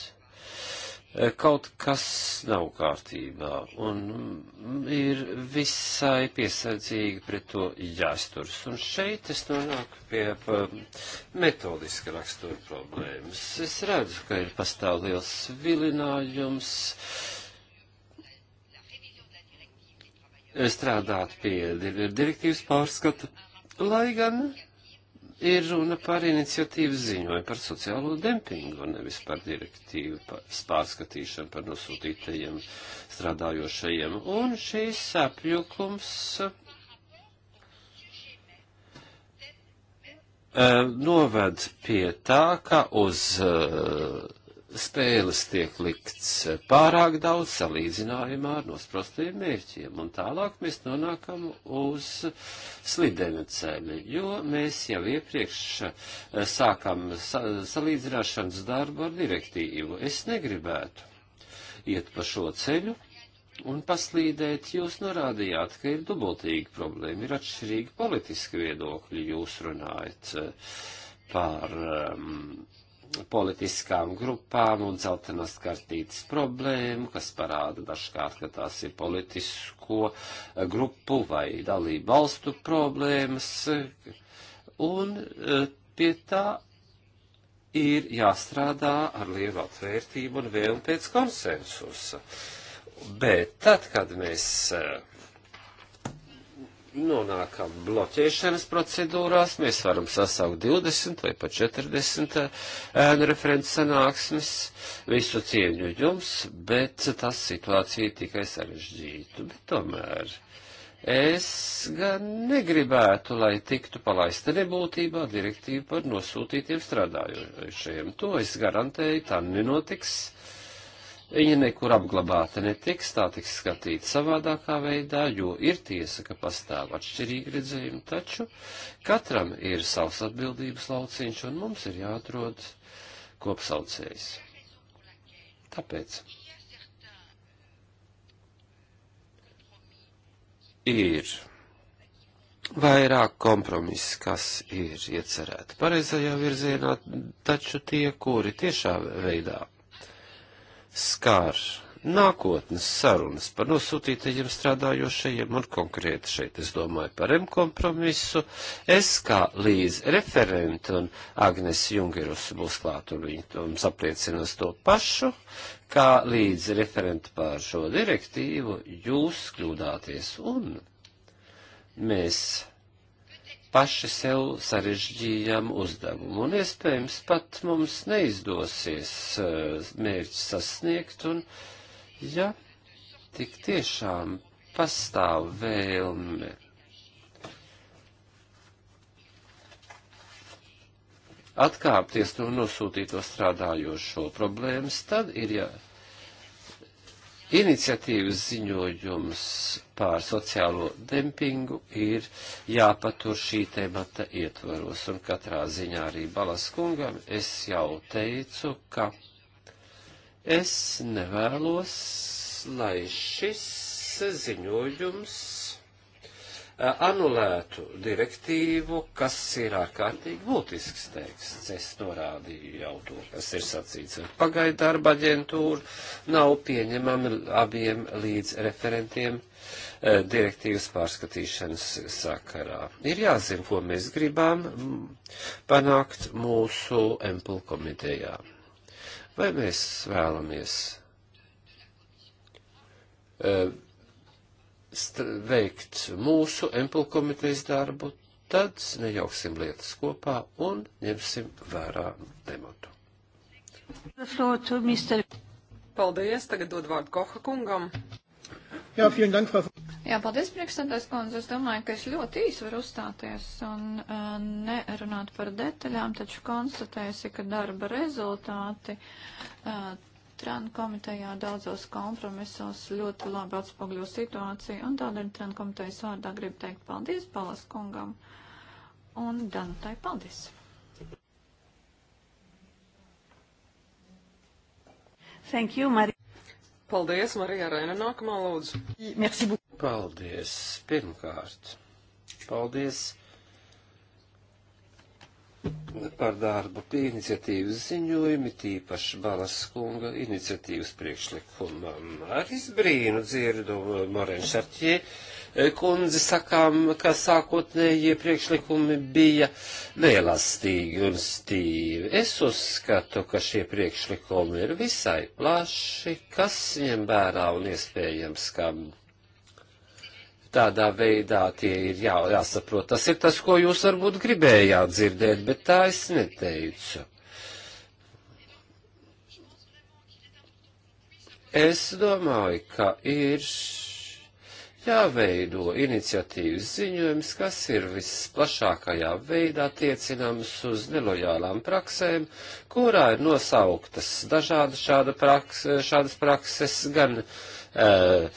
kaut kas nav kārtībā, un ir visai piesardzīgi pret to jāsturs. Un šeit es nonāku pie metodiska rakstura problēmas. Es redzu, ka ir pastāv liels vilinājums strādāt pie direktīvas pārskata, lai gan ir runa par iniciatīvu ziņojumu par sociālo dempingu un nevis par direktīvu par pārskatīšanu par nosūtītajiem strādājošajiem. Un šīs apjukums uh, noved pie tā, ka uz uh, spēles tiek likts pārāk daudz salīdzinājumā ar nosprostajiem mērķiem, un tālāk mēs nonākam uz slidena ceļa, jo mēs jau iepriekš eh, sākam sa salīdzināšanas darbu ar direktīvu. Es negribētu iet pa šo ceļu un paslīdēt, jūs norādījāt, ka ir dubultīga problēma, ir atšķirīgi politiski viedokļi, jūs runājat eh, par um, politiskām grupām un dzeltenās kartītes problēmu, kas parāda dažkārt, ka tās ir politisko grupu vai dalību valstu problēmas. Un eh, pie tā ir jāstrādā ar lielu atvērtību un vēlmi pēc konsensusa. Bet tad, kad mēs uh, nonākam nu, bloķēšanas procedūrās, mēs varam sasaukt 20 vai pat 40 eh, ēnu referents sanāksmes, visu cieņu jums, bet tas situācija tikai sarežģītu, bet tomēr. Es gan negribētu, lai tiktu palaista nebūtībā direktīva par nosūtītiem strādājošajiem. To es garantēju, tā nenotiks. Uh, Viņa nekur apglabāta netiks, tā tiks skatīta savādākā veidā, jo ir tiesa, ka pastāv atšķirīgi redzējumi, taču katram ir savs atbildības lauciņš un mums ir jāatrod kopsaucējs. Tāpēc ir vairāk kompromiss, kas ir iecerēti pareizajā virzienā, taču tie, kuri tiešā veidā skār nākotnes sarunas par nosūtītajiem strādājošajiem un konkrēti šeit es domāju par M kompromisu. Es kā līdz referentu un Agnes Jungerus būs klāt un viņi mums apliecinās to pašu, kā līdz referentu pār šo direktīvu jūs kļūdāties un mēs paši sev sarežģījām uzdevumu, un iespējams pat mums neizdosies eh, mērķi sasniegt, un ja tik tiešām pastāv vēlme atkāpties no nosūtīto strādājošo problēmas, tad ir jā. Ja Iniciatīvas ziņojums pār sociālo dempingu ir jāpatur šī temata ietvaros, un katrā ziņā arī Balas kungam es jau teicu, ka es nevēlos, lai šis ziņojums anulētu direktīvu, kas ir ārkārtīgi būtisks teksts. Es norādīju jau to, kas ir sacīts ar pagaidarba aģentūru, nav pieņemami abiem līdz referentiem e, direktīvas pārskatīšanas sakarā. Ir jāzina, ko mēs gribam panākt mūsu empul komitejā. Vai mēs vēlamies e, veikt mūsu empulu komitejas darbu, tad nejauksim lietas kopā un ņemsim vērā tematu. Paldies, tagad dod vārdu Koha kungam. Jā, vielen dank, Frau. Jā, paldies, priekšstādājs kundze. Es domāju, ka es ļoti īsi varu uzstāties un uh, nerunāt par detaļām, taču konstatēsi, ka darba rezultāti uh, Tran komitejā daudzos kompromisos ļoti labi atspogļo situāciju, un tādēļ Tran komitejas vārdā gribu teikt paldies Palas kungam un Danutai paldies. Thank you, Marija. Paldies, Marija Raina. Nākamā lūdzu. Merci beaucoup. Paldies, pirmkārt. Paldies par darbu pie iniciatīvas ziņojumi, tīpaši Balas kunga iniciatīvas priekšlikumam. Ar izbrīnu dzirdu Morēna Šarķie eh, kundzi sakām, ka sākotnējie priekšlikumi bija nelastīgi un stīvi. Es uzskatu, ka šie priekšlikumi ir visai plaši, kas ņem vērā un iespējams, ka tādā veidā tie ir jā, jāsaprot. Tas ir tas, ko jūs varbūt gribējāt dzirdēt, bet tā es neteicu. Es domāju, ka ir jāveido iniciatīvas ziņojums, kas ir visplašākajā veidā tiecināms uz nelojālām praksēm, kurā ir nosauktas dažādas šāda praks, šādas prakses gan uh, Eh,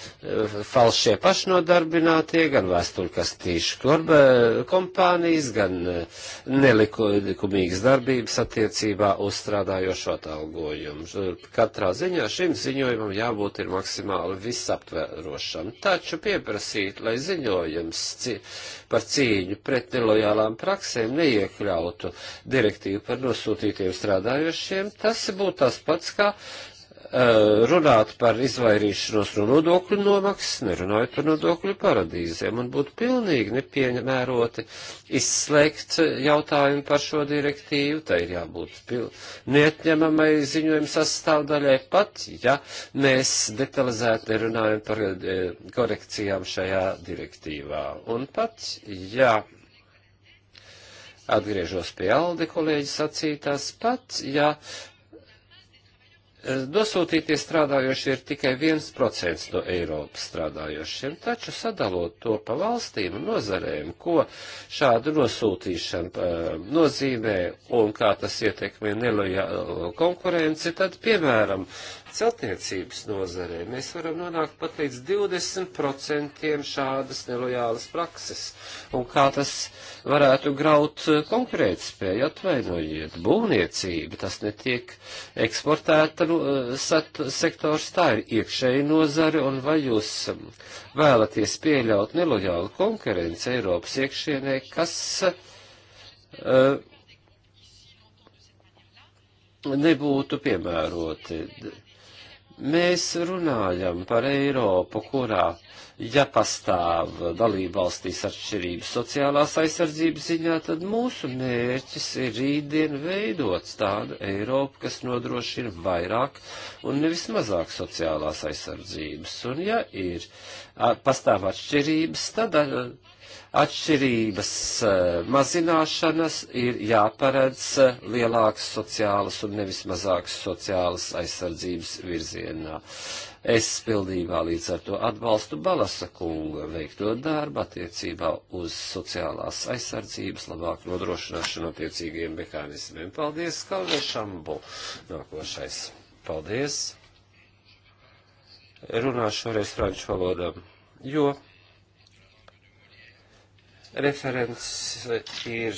falšie pašnodarbinātie, gan vēstuļkastīšu kompānijas, gan eh, nelikumīgas darbības attiecībā uz strādājošo atalgojumu. Katrā ziņā šim ziņojumam jābūt ir maksimāli visaptverošam. Taču pieprasīt, lai ziņojums par cīņu pret nelojālām praksēm neiekļautu direktīvu par nosūtītiem strādājošiem, tas būtu tas pats, kā Eh, runāt par izvairīšanos no nodokļu nomaksas, nerunājot par nodokļu paradīzēm, un būtu pilnīgi nepieņemēroti izslēgt jautājumu par šo direktīvu. Tai ir jābūt pil... neatņemamai ziņojuma sastāvdaļai pat, ja mēs detalizēti nerunājam par eh, korekcijām šajā direktīvā. Un pat, ja Atgriežos pie Aldi kolēģis sacītās pat, ja Nosūtītie eh, strādājošie ir tikai 1% no Eiropas strādājošiem, taču sadalot to pa valstīm un nozarēm, ko šādu nosūtīšanu eh, nozīmē un kā tas ietekmē nelojālu konkurenci, tad, piemēram, celtniecības nozarē, mēs varam nonākt pat līdz 20% šādas nelojālas prakses. Un kā tas varētu graut konkurētspēju, atvainojiet, būvniecība, tas netiek eksportēta nu, eh, sat, sektors, tā ir iekšēja nozare, un vai jūs um, vēlaties pieļaut nelojālu konkurenci Eiropas iekšienē, kas. Uh, nebūtu piemēroti. Mēs runājam par Eiropu, kurā, ja pastāv dalībvalstīs atšķirības sociālās aizsardzības ziņā, tad mūsu mērķis ir rītdien veidot tādu Eiropu, kas nodrošina vairāk un nevis mazāk sociālās aizsardzības. Un ja ir pastāv atšķirības, tad atšķirības eh, mazināšanas ir jāparedz eh, lielākas sociālas un nevis mazākas sociālas aizsardzības virzienā. Es pildībā līdz ar to atbalstu Balasa kunga veikto darbu attiecībā uz sociālās aizsardzības labāku nodrošināšanu attiecīgiem mehānismiem. Paldies, Kalvešambu! Nākošais. Paldies! Runāšu šoreiz franču valodā, jo Referents ir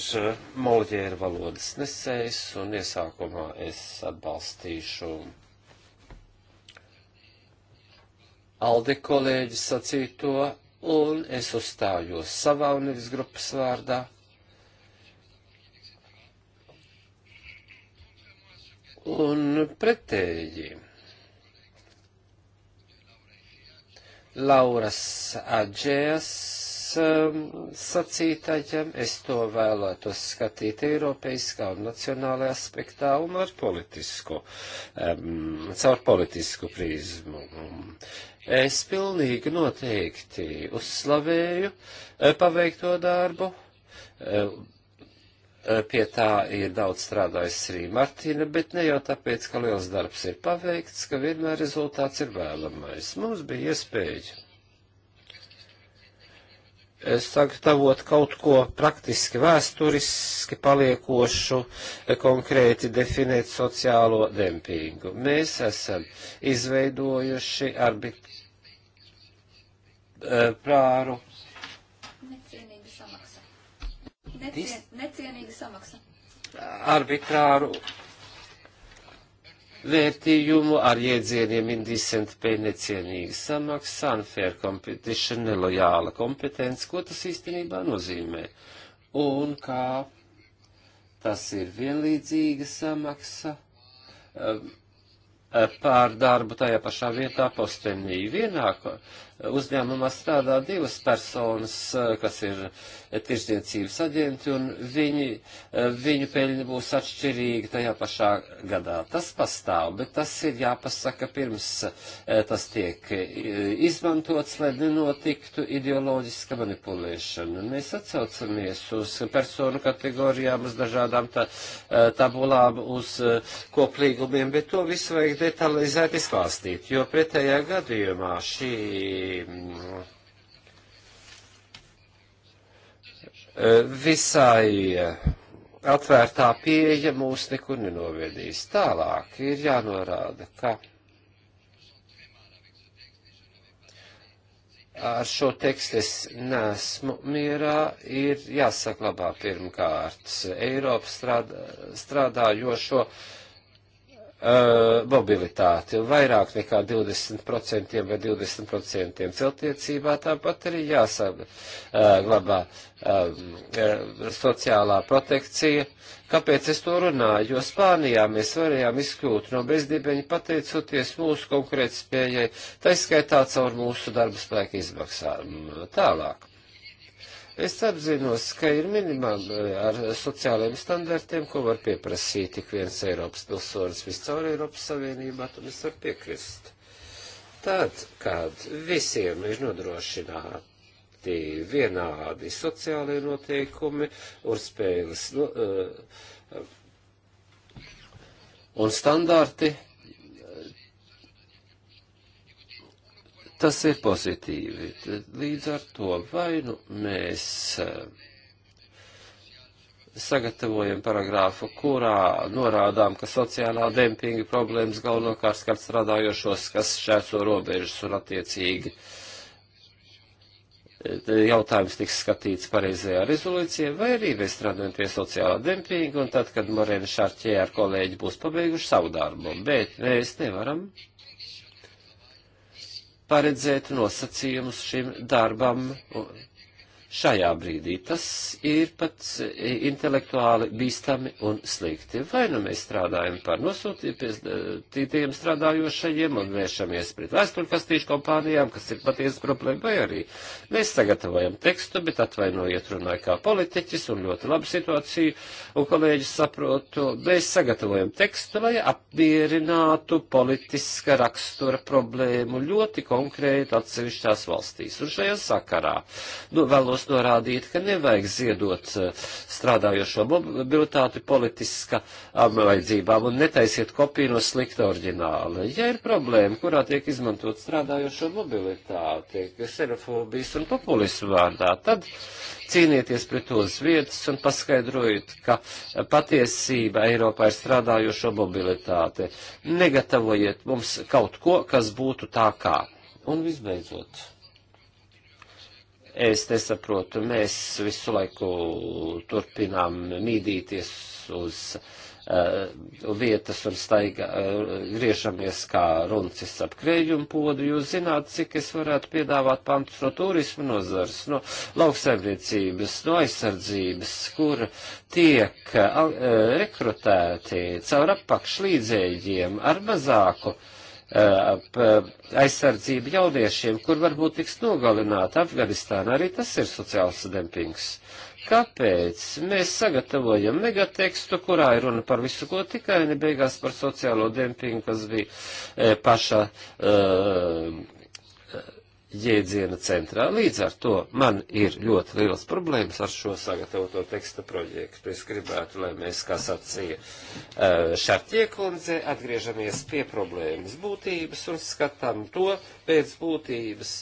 Molģēra valodas nesējs, un iesākumā es atbalstīšu Alde kolēģi sacīto, un es uzstājos savā un nevis grupas vārdā. Un pretēji. Lauras Aģējas Um, sacītajam, es to vēlētos skatīt eiropeiskā un nacionālajā aspektā un ar politisku, um, caur politisku prizmu. Es pilnīgi noteikti uzslavēju uh, paveikto darbu. Uh, uh, pie tā ir daudz strādājis arī Martina, bet ne jau tāpēc, ka liels darbs ir paveikts, ka vienmēr rezultāts ir vēlamais. Mums bija iespēja Eh, sagatavot kaut ko praktiski vēsturiski paliekošu, eh, konkrēti definēt sociālo dempingu. Mēs esam izveidojuši arbitrāru. Eh, necienīga samaksa. Necien, necienīga samaksa. Arbitrāru vērtījumu ar jēdzieniem indecent pay necienīga samaksa, unfair competition, nelojāla kompetence, ko tas īstenībā nozīmē un kā tas ir vienlīdzīga samaksa eh, pār darbu tajā pašā vietā postenī. Vienā uzņēmumā strādā divas personas, eh, kas ir eh, tirsniecības aģenti, un viņi, eh, viņu peļņa būs atšķirīga tajā pašā gadā. Tas pastāv, bet tas ir jāpasaka pirms tas tiek izmantots, lai nenotiktu ideoloģiska manipulēšana. Mēs atsaucamies uz personu kategorijām, uz dažādām tā, tabulām, uz koplīgumiem, bet to visu vajag detalizēt izklāstīt, jo pretējā gadījumā šī visai atvērtā pieeja mūs nekur nenovedīs. Tālāk ir jānorāda, ka ar šo tekstu es nesmu mierā, ir jāsaklabā pirmkārt Eiropas strādā, strādājošo. Strādā Uh, mobilitāti vairāk nekā 20% vai 20% celtniecībā, tāpat arī jāsaglabā uh, um, uh, sociālā protekcija. Kāpēc es to runāju? Jo Spānijā mēs varējām izkļūt no bezdibeņa pateicoties mūsu konkurētspējai, taiskaitā caur mūsu darba spēka izmaksām. Tālāk. Es apzinos, ka ir minimāli ar sociālajiem standartiem, ko var pieprasīt tik viens Eiropas pilsonis viscaur Eiropas Savienībā, un es varu piekrist. Tad, kad visiem ir nodrošināti vienādi sociālie noteikumi un spēles no, uh, un standarti, Tas ir pozitīvi. Līdz ar to vai nu mēs eh, sagatavojam paragrāfu, kurā norādām, ka sociālā dempinga problēmas galvenokārt skar strādājošos, kas šķērso robežas un attiecīgi eh, jautājums tiks skatīts pareizajā rezolūcijā, vai arī mēs strādājam pie sociālā dempinga, un tad, kad Morēna Šārķē ar kolēģi būs pabeiguši savu darbu, bet mēs nevaram paredzēt nosacījumus šim darbam. Un, šajā brīdī. Tas ir pat e, intelektuāli bīstami un slikti. Vai nu mēs strādājam par nosūtītiem strādājošajiem un vēršamies pret vēstuļkastīšu kompānijām, kas ir patiesa problēma, vai arī mēs sagatavojam tekstu, bet atvainojiet runāju kā politiķis un ļoti labu situāciju, un kolēģis saprotu, mēs sagatavojam tekstu, lai apmierinātu politiska rakstura problēmu ļoti konkrēti atsevišķās valstīs. Un šajā sakarā nu, vēlos vēlos norādīt, ka nevajag ziedot eh, strādājošo mobilitāti politiska vajadzībām un netaisiet kopiju no slikta orģināla. Ja ir problēma, kurā tiek izmantot strādājošo mobilitāti, ksenofobijas un populismu vārdā, tad cīnieties pret tos vietas un paskaidrojiet, ka patiesība Eiropā ir strādājošo mobilitāte. Negatavojiet mums kaut ko, kas būtu tā kā. Un visbeidzot. Es nesaprotu, mēs visu laiku turpinām mīdīties uz uh, vietas un staigā, uh, griežamies kā runcis ap krējumu podu. Jūs zināt, cik es varētu piedāvāt pantus no turismu nozars, no lauksaimniecības, no aizsardzības, kur tiek uh, rekrutēti caur apakšlīdzējiem ar mazāku uh, Uh, aizsardzību jauniešiem, kur varbūt tiks nogalināti Afganistānā, arī tas ir sociāls dempings. Kāpēc mēs sagatavojam megatekstu, kurā ir runa par visu ko tikai, ne beigās par sociālo dempingu, kas bija eh, paša uh, jēdziena centrā. Līdz ar to man ir ļoti liels problēmas ar šo sagatavoto teksta projektu. Es gribētu, lai mēs, kā sacīja eh, Šartiekundze, atgriežamies pie problēmas būtības un skatām to pēc būtības.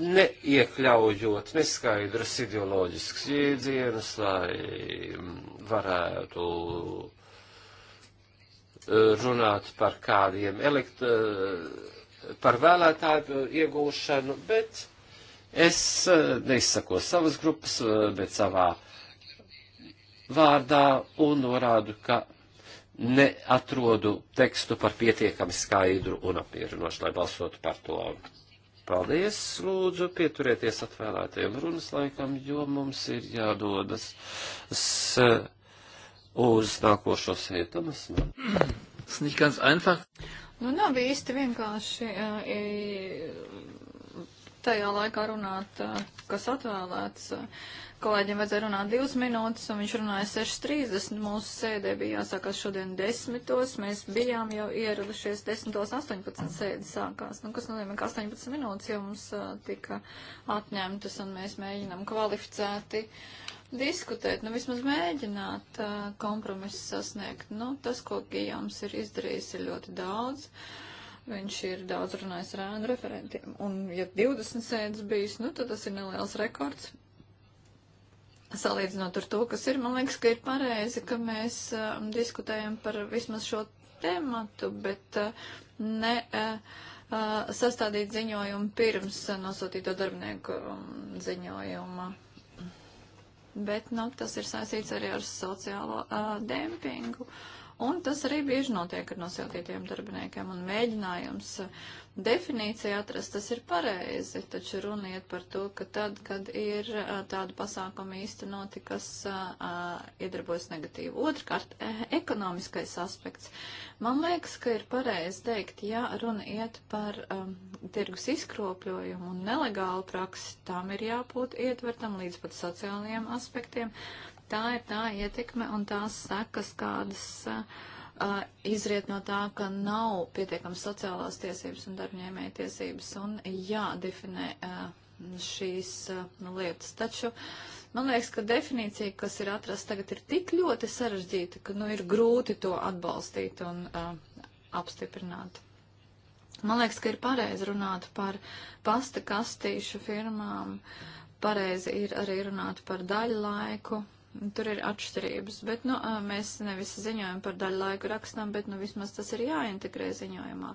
Neiekļaujot neskaidrus ideoloģiskus jēdzienus, lai mm, varētu runāt par kādiem elekt, eh, par vēlētāju iegūšanu, bet es eh, neizsako savas grupas, eh, bet savā vārdā un norādu, ka neatrodu tekstu par pietiekami skaidru un apmierinošu, lai balsotu par to. Paldies, lūdzu, pieturieties atvēlētajam runas laikam, jo mums ir jādodas. S, uz nākošo sēdu. Tas nav ganz einfach. Nu, nav īsti vienkārši tajā laikā runāt, kas atvēlēts. Kolēģiem vajadzēja runāt divas minūtes, un viņš runāja 6.30. Mūsu sēdē bija jāsākās šodien desmitos. Mēs bijām jau ieradušies desmitos, 18 sēdes sākās. Nu, kas nozīmē, ka 18 minūtes jau mums tika atņemtas, un mēs mēģinām kvalificēti uh, diskutēt, nu vismaz mēģināt uh, kompromisu sasniegt. Nu, tas, ko Gijoms ir izdarījis, ir ļoti daudz. Viņš ir daudz runājis ar ēnu referentiem. Un, ja 20 sēdes bijis, nu, tad tas ir neliels rekords. Salīdzinot ar to, kas ir, man liekas, ka ir pareizi, ka mēs uh, diskutējam par vismaz šo tēmatu, bet uh, ne. Uh, sastādīt ziņojumu pirms nosūtīto darbinieku ziņojuma bet nu, tas ir saistīts arī ar sociālo uh, dempingu. Uh, Un tas arī bieži notiek ar nosiltītiem darbiniekiem, un mēģinājums eh, definīciju atrast, tas ir pareizi, taču runiet par to, ka tad, kad ir eh, tāda pasākuma īstenoti, kas eh, iedarbojas negatīvi. Otrkārt, ekonomiskais aspekts. Man liekas, ka ir pareizi teikt, ja runa iet par um, tirgus izkropļojumu un nelegālu praksi, tam ir jābūt ietvertam līdz pat sociālajiem aspektiem tā ir tā ietekme un tās sekas, kādas uh, izriet no tā, ka nav pietiekams sociālās tiesības un darbņēmēja tiesības un jādefinē uh, šīs uh, lietas. Taču man liekas, ka definīcija, kas ir atrasta tagad, ir tik ļoti sarežģīta, ka nu, ir grūti to atbalstīt un uh, apstiprināt. Man liekas, ka ir pareizi runāt par pasta kastīšu firmām. Uh, pareizi ir arī runāt par daļu laiku, Tur ir atšķirības, bet nu, mēs nevis ziņojam par daļu laiku rakstam, bet nu, vismaz tas ir jāintegrē ziņojumā.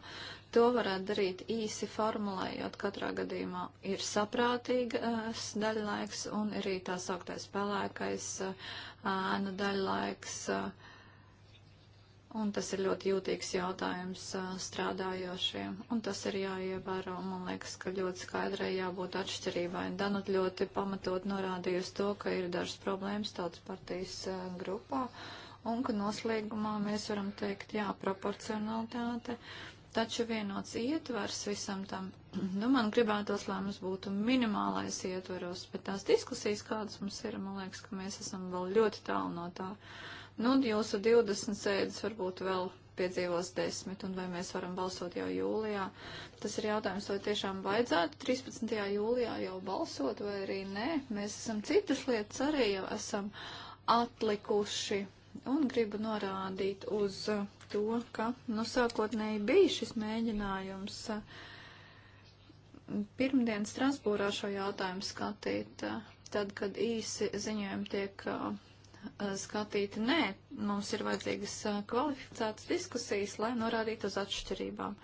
To varētu darīt īsi formulējot. Katrā gadījumā ir saprātīgas daļlaiks un ir arī tā sauktais pelēkais ēnu daļlaiks. Uh, Un tas ir ļoti jūtīgs jautājums strādājošiem. Un tas ir jāievēro. Man liekas, ka ļoti skaidrai jābūt atšķirībai. Danut ļoti pamatot norādījusi to, ka ir dažas problēmas tautas partijas grupā. Un ka noslēgumā mēs varam teikt, jā, proporcionalitāte. Taču vienots ietvers visam tam. Nu, man gribētos, lai mums būtu minimālais ietveros, bet tās diskusijas, kādas mums ir, man liekas, ka mēs esam vēl ļoti tālu no tā. Uh, Nu, un jūsu 20 sēdes varbūt vēl piedzīvos desmit, un vai mēs varam balsot jau jūlijā. Tas ir jautājums, vai tiešām vajadzētu 13. jūlijā jau balsot, vai arī nē. Mēs esam citas lietas arī jau esam atlikuši, un gribu norādīt uz to, ka, nu, sākotnēji bija šis mēģinājums eh, pirmdien Strasbūrā šo jautājumu skatīt, eh, tad, kad īsi ziņojumi tiek eh, Eh, skatīti. Nē, mums ir vajadzīgas eh, kvalificētas diskusijas, lai norādītu uz atšķirībām.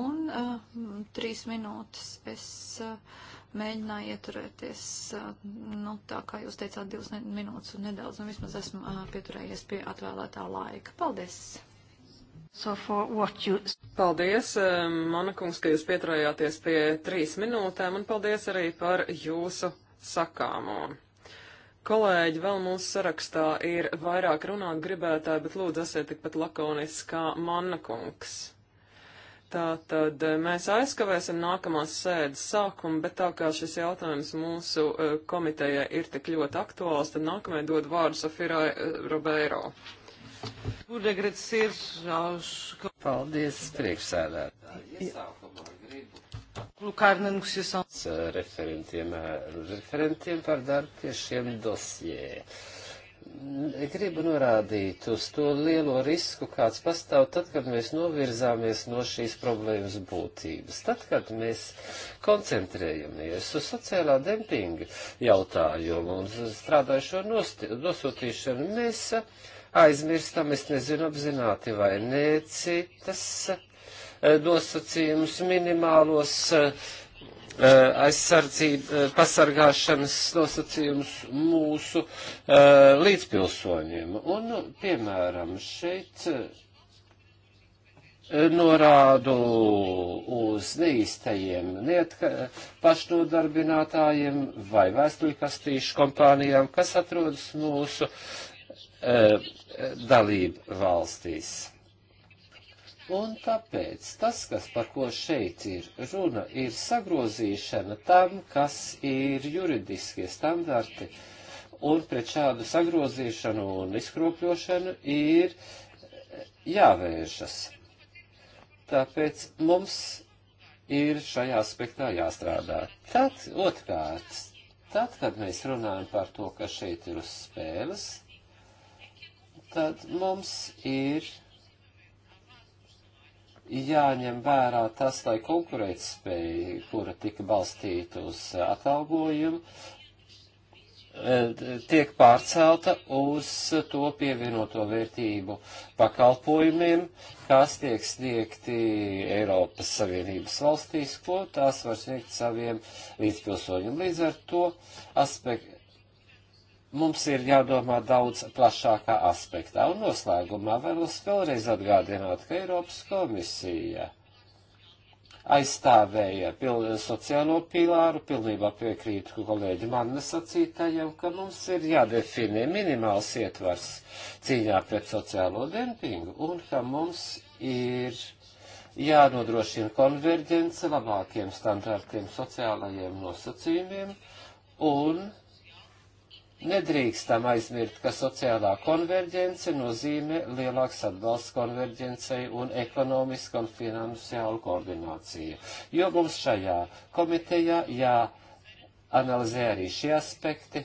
Un uh, trīs minūtes es uh, mēģināju ieturēties, uh, nu, tā kā jūs teicāt, divas minūtes un nedaudz, un nu, vismaz esmu uh, pieturējies pie atvēlētā laika. Paldies! So you... Paldies, Manakungs, ka jūs pieturējāties pie trīs minūtēm, un paldies arī par jūsu sakāmo. Kolēģi, vēl mūsu sarakstā ir vairāk runāt gribētāji, bet lūdzu esiet tikpat lakoniski kā Manna kungs. Tātad eh, mēs aizkavēsim nākamās sēdes sākumu, bet tā kā šis jautājums mūsu eh, komitejai ir tik ļoti aktuāls, tad nākamajai dod vārdu Safirai eh, Robeiro. Paldies, priekšsēdētāji. Eh, referentiem, eh, referentiem par darbu pie šiem dosjē. Mm, eh, gribu norādīt uz to lielo risku, kāds pastāv tad, kad mēs novirzāmies no šīs problēmas būtības. Tad, kad mēs koncentrējamies uz sociālā dempinga jautājumu un strādājušo nosūtīšanu, mēs aizmirstam, es nezinu apzināti vai nē, citas Eh, nosacījumus, minimālos eh, aizsardzību, eh, pasargāšanas nosacījumus mūsu līdzpilsoņiem. Un, nu, piemēram, šeit norādu uz neīstajiem neatka, pašnodarbinātājiem vai vēstuļkastīšu kompānijām, kas atrodas mūsu dalību valstīs. Un tāpēc tas, kas par ko šeit ir runa, ir sagrozīšana tam, kas ir juridiskie standarti, un pret šādu sagrozīšanu un izkropļošanu ir jāvēršas. Tāpēc mums ir šajā aspektā jāstrādā. Tad, otrkārt, tad, kad mēs runājam par to, kas šeit ir uz spēles, tad mums ir jāņem vērā tas, lai konkurētspēja, kura tika balstīta uz atalgojumu, eh, tiek pārcelta uz to pievienoto vērtību pakalpojumiem, kas tiek sniegti Eiropas Savienības valstīs, ko tās var sniegt saviem līdzpilsoņiem. Līdz ar to aspekt, mums ir jādomā daudz plašākā aspektā. Un noslēgumā vēlos vēlreiz atgādināt, ka Eiropas komisija aizstāvēja pil sociālo pilāru, pilnībā piekrītu kolēģi man nesacītajam, ka mums ir jādefinē minimāls ietvars cīņā pret sociālo dempingu un ka mums ir jānodrošina konverģence labākiem standartiem sociālajiem nosacījumiem un Nedrīkstam aizmirst, ka sociālā konverģence nozīmē lielāks atbalsts konverģencei un ekonomiska un finansiāla koordinācija, jo mums šajā komitejā jāanalizē arī šie aspekti.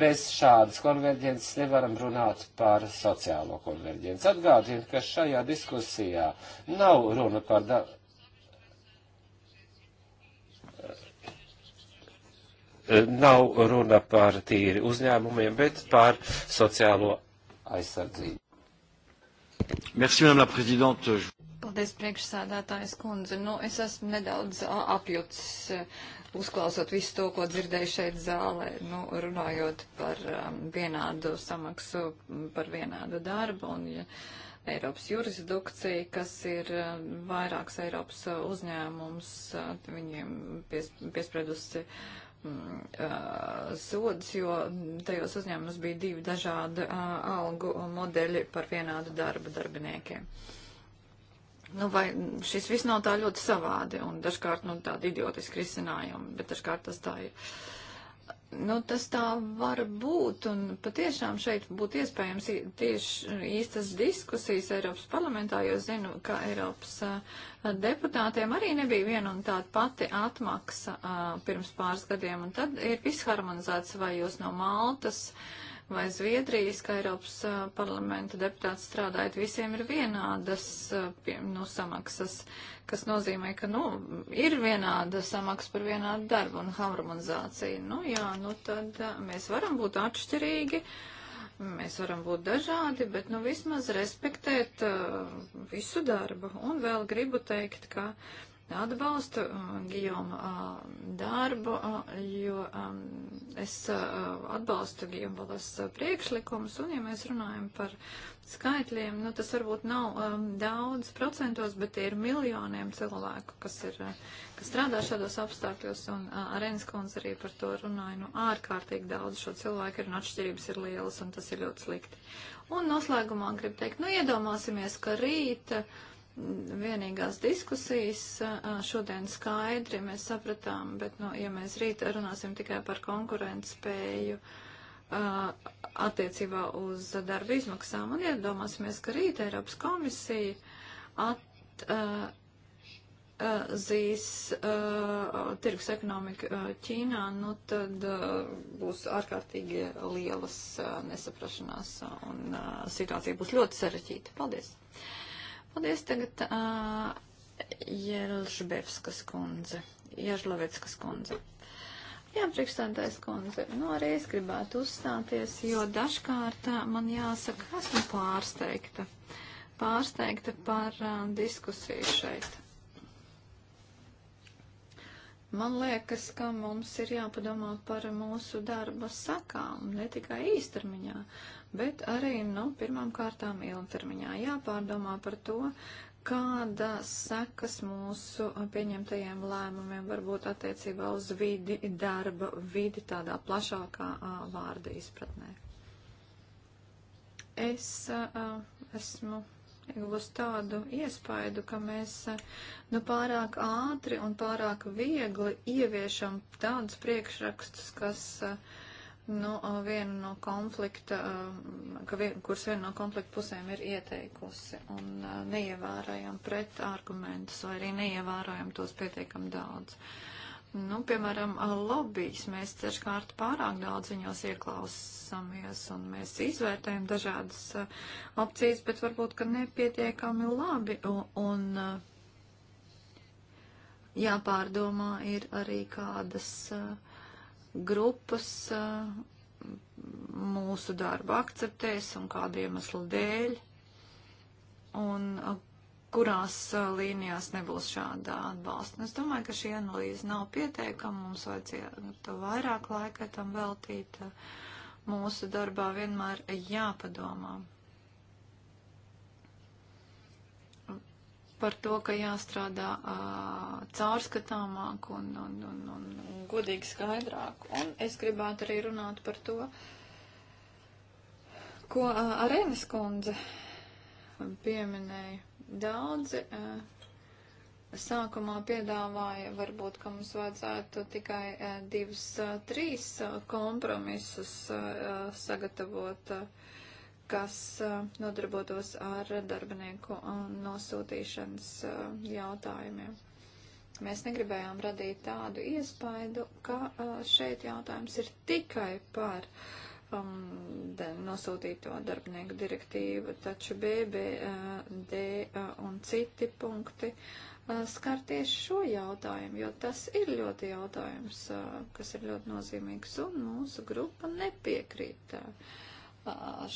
Bez šādas konverģences nevaram runāt par sociālo konverģenci. Atgādinu, ka šajā diskusijā nav runa par. Da nav runa par tīri uzņēmumiem, bet par sociālo aizsardzību. Merci, Madame la Présidente. Paldies, priekšsādātājs kundze. Nu, es esmu nedaudz apjucis, uzklausot visu to, ko dzirdēju šeit zālē, nu, runājot par um, vienādu samaksu, par vienādu darbu un ja, Eiropas jurisdikcija, kas ir um, vairāks Eiropas uzņēmums, viņiem pies, piespriedusi. Uh, Mm, uh, sodus, jo tajos uzņēmumos bija divi dažādi uh, algu modeļi par vienādu darbu darbiniekiem. Nu, vai šis viss nav tā ļoti savādi un dažkārt nu, tādi idiotiski risinājumi, bet dažkārt tas tā ir. Uh, Nu, tas tā var būt, un patiešām šeit būtu iespējams tieši uh, īstas diskusijas Eiropas parlamentā, jo zinu, ka Eiropas a, uh, deputātiem arī nebija viena un tāda pati atmaksa a, uh, pirms pāris gadiem, un tad ir viss harmonizēts, vai jūs no Maltas. A, vai Zviedrijas, ka Eiropas uh, parlamenta deputāts strādājot, visiem ir vienādas uh, pie, nu, samaksas, kas nozīmē, ka nu, ir vienāda samaksa par vienādu darbu un harmonizāciju. Nu, jā, nu tad uh, mēs varam būt atšķirīgi. Mēs varam būt dažādi, bet nu vismaz respektēt uh, visu darbu. Un vēl gribu teikt, ka uh, atbalstu uh, Gijoma uh, darbu, uh, jo um, es atbalstu Gijoma valas priekšlikumus, un ja mēs runājam par skaitļiem, nu tas varbūt nav um, daudz procentos, bet ir miljoniem cilvēku, kas, ir, kas strādā šādos apstākļos, un Arēns Kons arī par to runāja, nu ārkārtīgi daudz šo cilvēku ir, un atšķirības ir lielas, un tas ir ļoti slikti. Un noslēgumā gribu teikt, nu iedomāsimies, ka rīta. Uh, vienīgās diskusijas šodien skaidri mēs sapratām, bet, nu, ja mēs rīt runāsim tikai par konkurentspēju attiecībā uz darba izmaksām un iedomāsimies, ka rīt Eiropas komisija atzīs tirgus ekonomiku Ķīnā, nu, tad būs ārkārtīgi lielas nesaprašanās un situācija būs ļoti sarežģīta. Paldies! Paldies tagad uh, Jelžbevskas kundze, Ježloveckas kundze. Jā, priekšstādājas kundze, nu arī es gribētu uzstāties, jo dažkārt man jāsaka, esmu pārsteigta. Pārsteigta par uh, diskusiju šeit. Man liekas, ka mums ir jāpadomā par mūsu darba sakām, ne tikai īstermiņā. Uh, bet arī, nu, pirmām kārtām ilgtermiņā jāpārdomā par to, kāda sekas mūsu pieņemtajiem lēmumiem varbūt attiecībā uz vidi, darba vidi tādā plašākā a, vārda izpratnē. Es a, esmu iegūst tādu iespaidu, ka mēs nu, pārāk ātri un pārāk viegli ieviešam tādus priekšrakstus, kas uh, nu, viena no konflikta, ka vien, kuras viena no konflikta pusēm ir ieteikusi un neievērojam pret argumentus vai arī neievērojam tos pietiekam daudz. Nu, piemēram, lobbyis mēs dažkārt pārāk daudz viņos ieklausāmies un mēs izvērtējam dažādas opcijas, bet varbūt, ka nepietiekami labi un, un jāpārdomā ir arī kādas. Uh, grupas mūsu darbu akceptēs un kādu iemeslu dēļ, un kurās līnijās nebūs šāda atbalsta. Un es domāju, ka šī analīze nav pieteikama, mums vajadzētu vairāk laika tam veltīt. Mūsu darbā vienmēr jāpadomā par to, ka jāstrādā uh, caurskatāmāk un, un, un, un godīgi skaidrāk. Un es gribētu arī runāt par to, ko uh, Arēnas kundze pieminēja. Daudzi uh, sākumā piedāvāja, varbūt, ka mums vajadzētu tikai uh, divus, uh, trīs uh, kompromisus uh, sagatavot. Uh, kas eh, nodarbotos ar darbinieku eh, nosūtīšanas eh, jautājumiem. Mēs negribējām radīt tādu iespaidu, ka šeit jautājums ir tikai par um, nosūtīto darbinieku direktīvu, taču BBD un citi punkti skar tieši šo jautājumu, jo tas ir ļoti jautājums, kas ir ļoti nozīmīgs, un mūsu grupa nepiekrīt. Uh,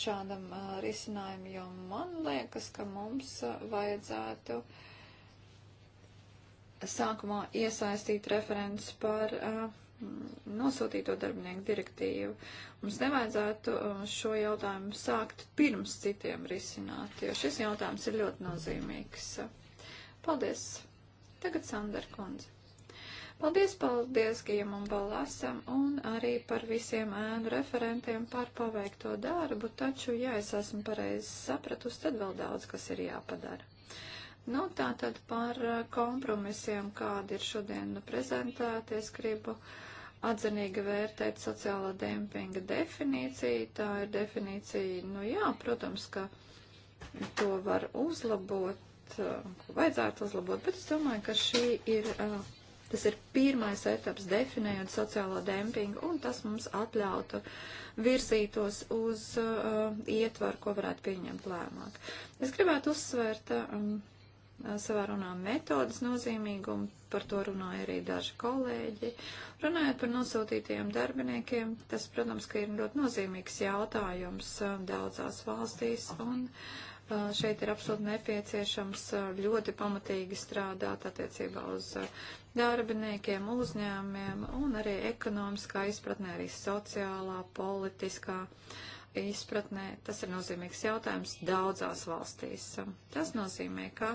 šādam risinājumam, jo man liekas, ka mums vajadzētu sākumā iesaistīt referents par nosūtīto darbinieku direktīvu. Mums nevajadzētu šo jautājumu sākt pirms citiem risināt, jo šis jautājums ir ļoti nozīmīgs. Paldies! Tagad Sandra Kundze. Paldies, paldies Gijamam Balasam un arī par visiem ēnu referentiem par paveikto darbu, taču, ja es esmu pareizi sapratusi, tad vēl daudz, kas ir jāpadara. Nu, tā tad par uh, kompromisiem, kādi ir šodien prezentēti, es gribu atzinīgi vērtēt sociālā dempinga definīciju. Tā ir definīcija, nu jā, protams, ka to var uzlabot, uh, vajadzētu uzlabot, bet es domāju, ka šī ir uh, Tas ir pirmais etaps definējot sociālo dempingu, un tas mums atļautu virzītos uz uh, ietvaru, ko varētu pieņemt lēmāk. Es gribētu uzsvērt um, savā runā metodas nozīmīgumu, par to runāja arī daži kolēģi. Runājot par nosūtītajiem darbiniekiem, tas, protams, ka ir ļoti nozīmīgs jautājums uh, daudzās valstīs, un uh, Uh, šeit ir absolūti nepieciešams uh, ļoti pamatīgi strādāt attiecībā uz uh, darbiniekiem, uzņēmiem un arī ekonomiskā izpratnē, arī sociālā, politiskā izpratnē. Tas ir nozīmīgs jautājums daudzās valstīs. Um, tas nozīmē, ka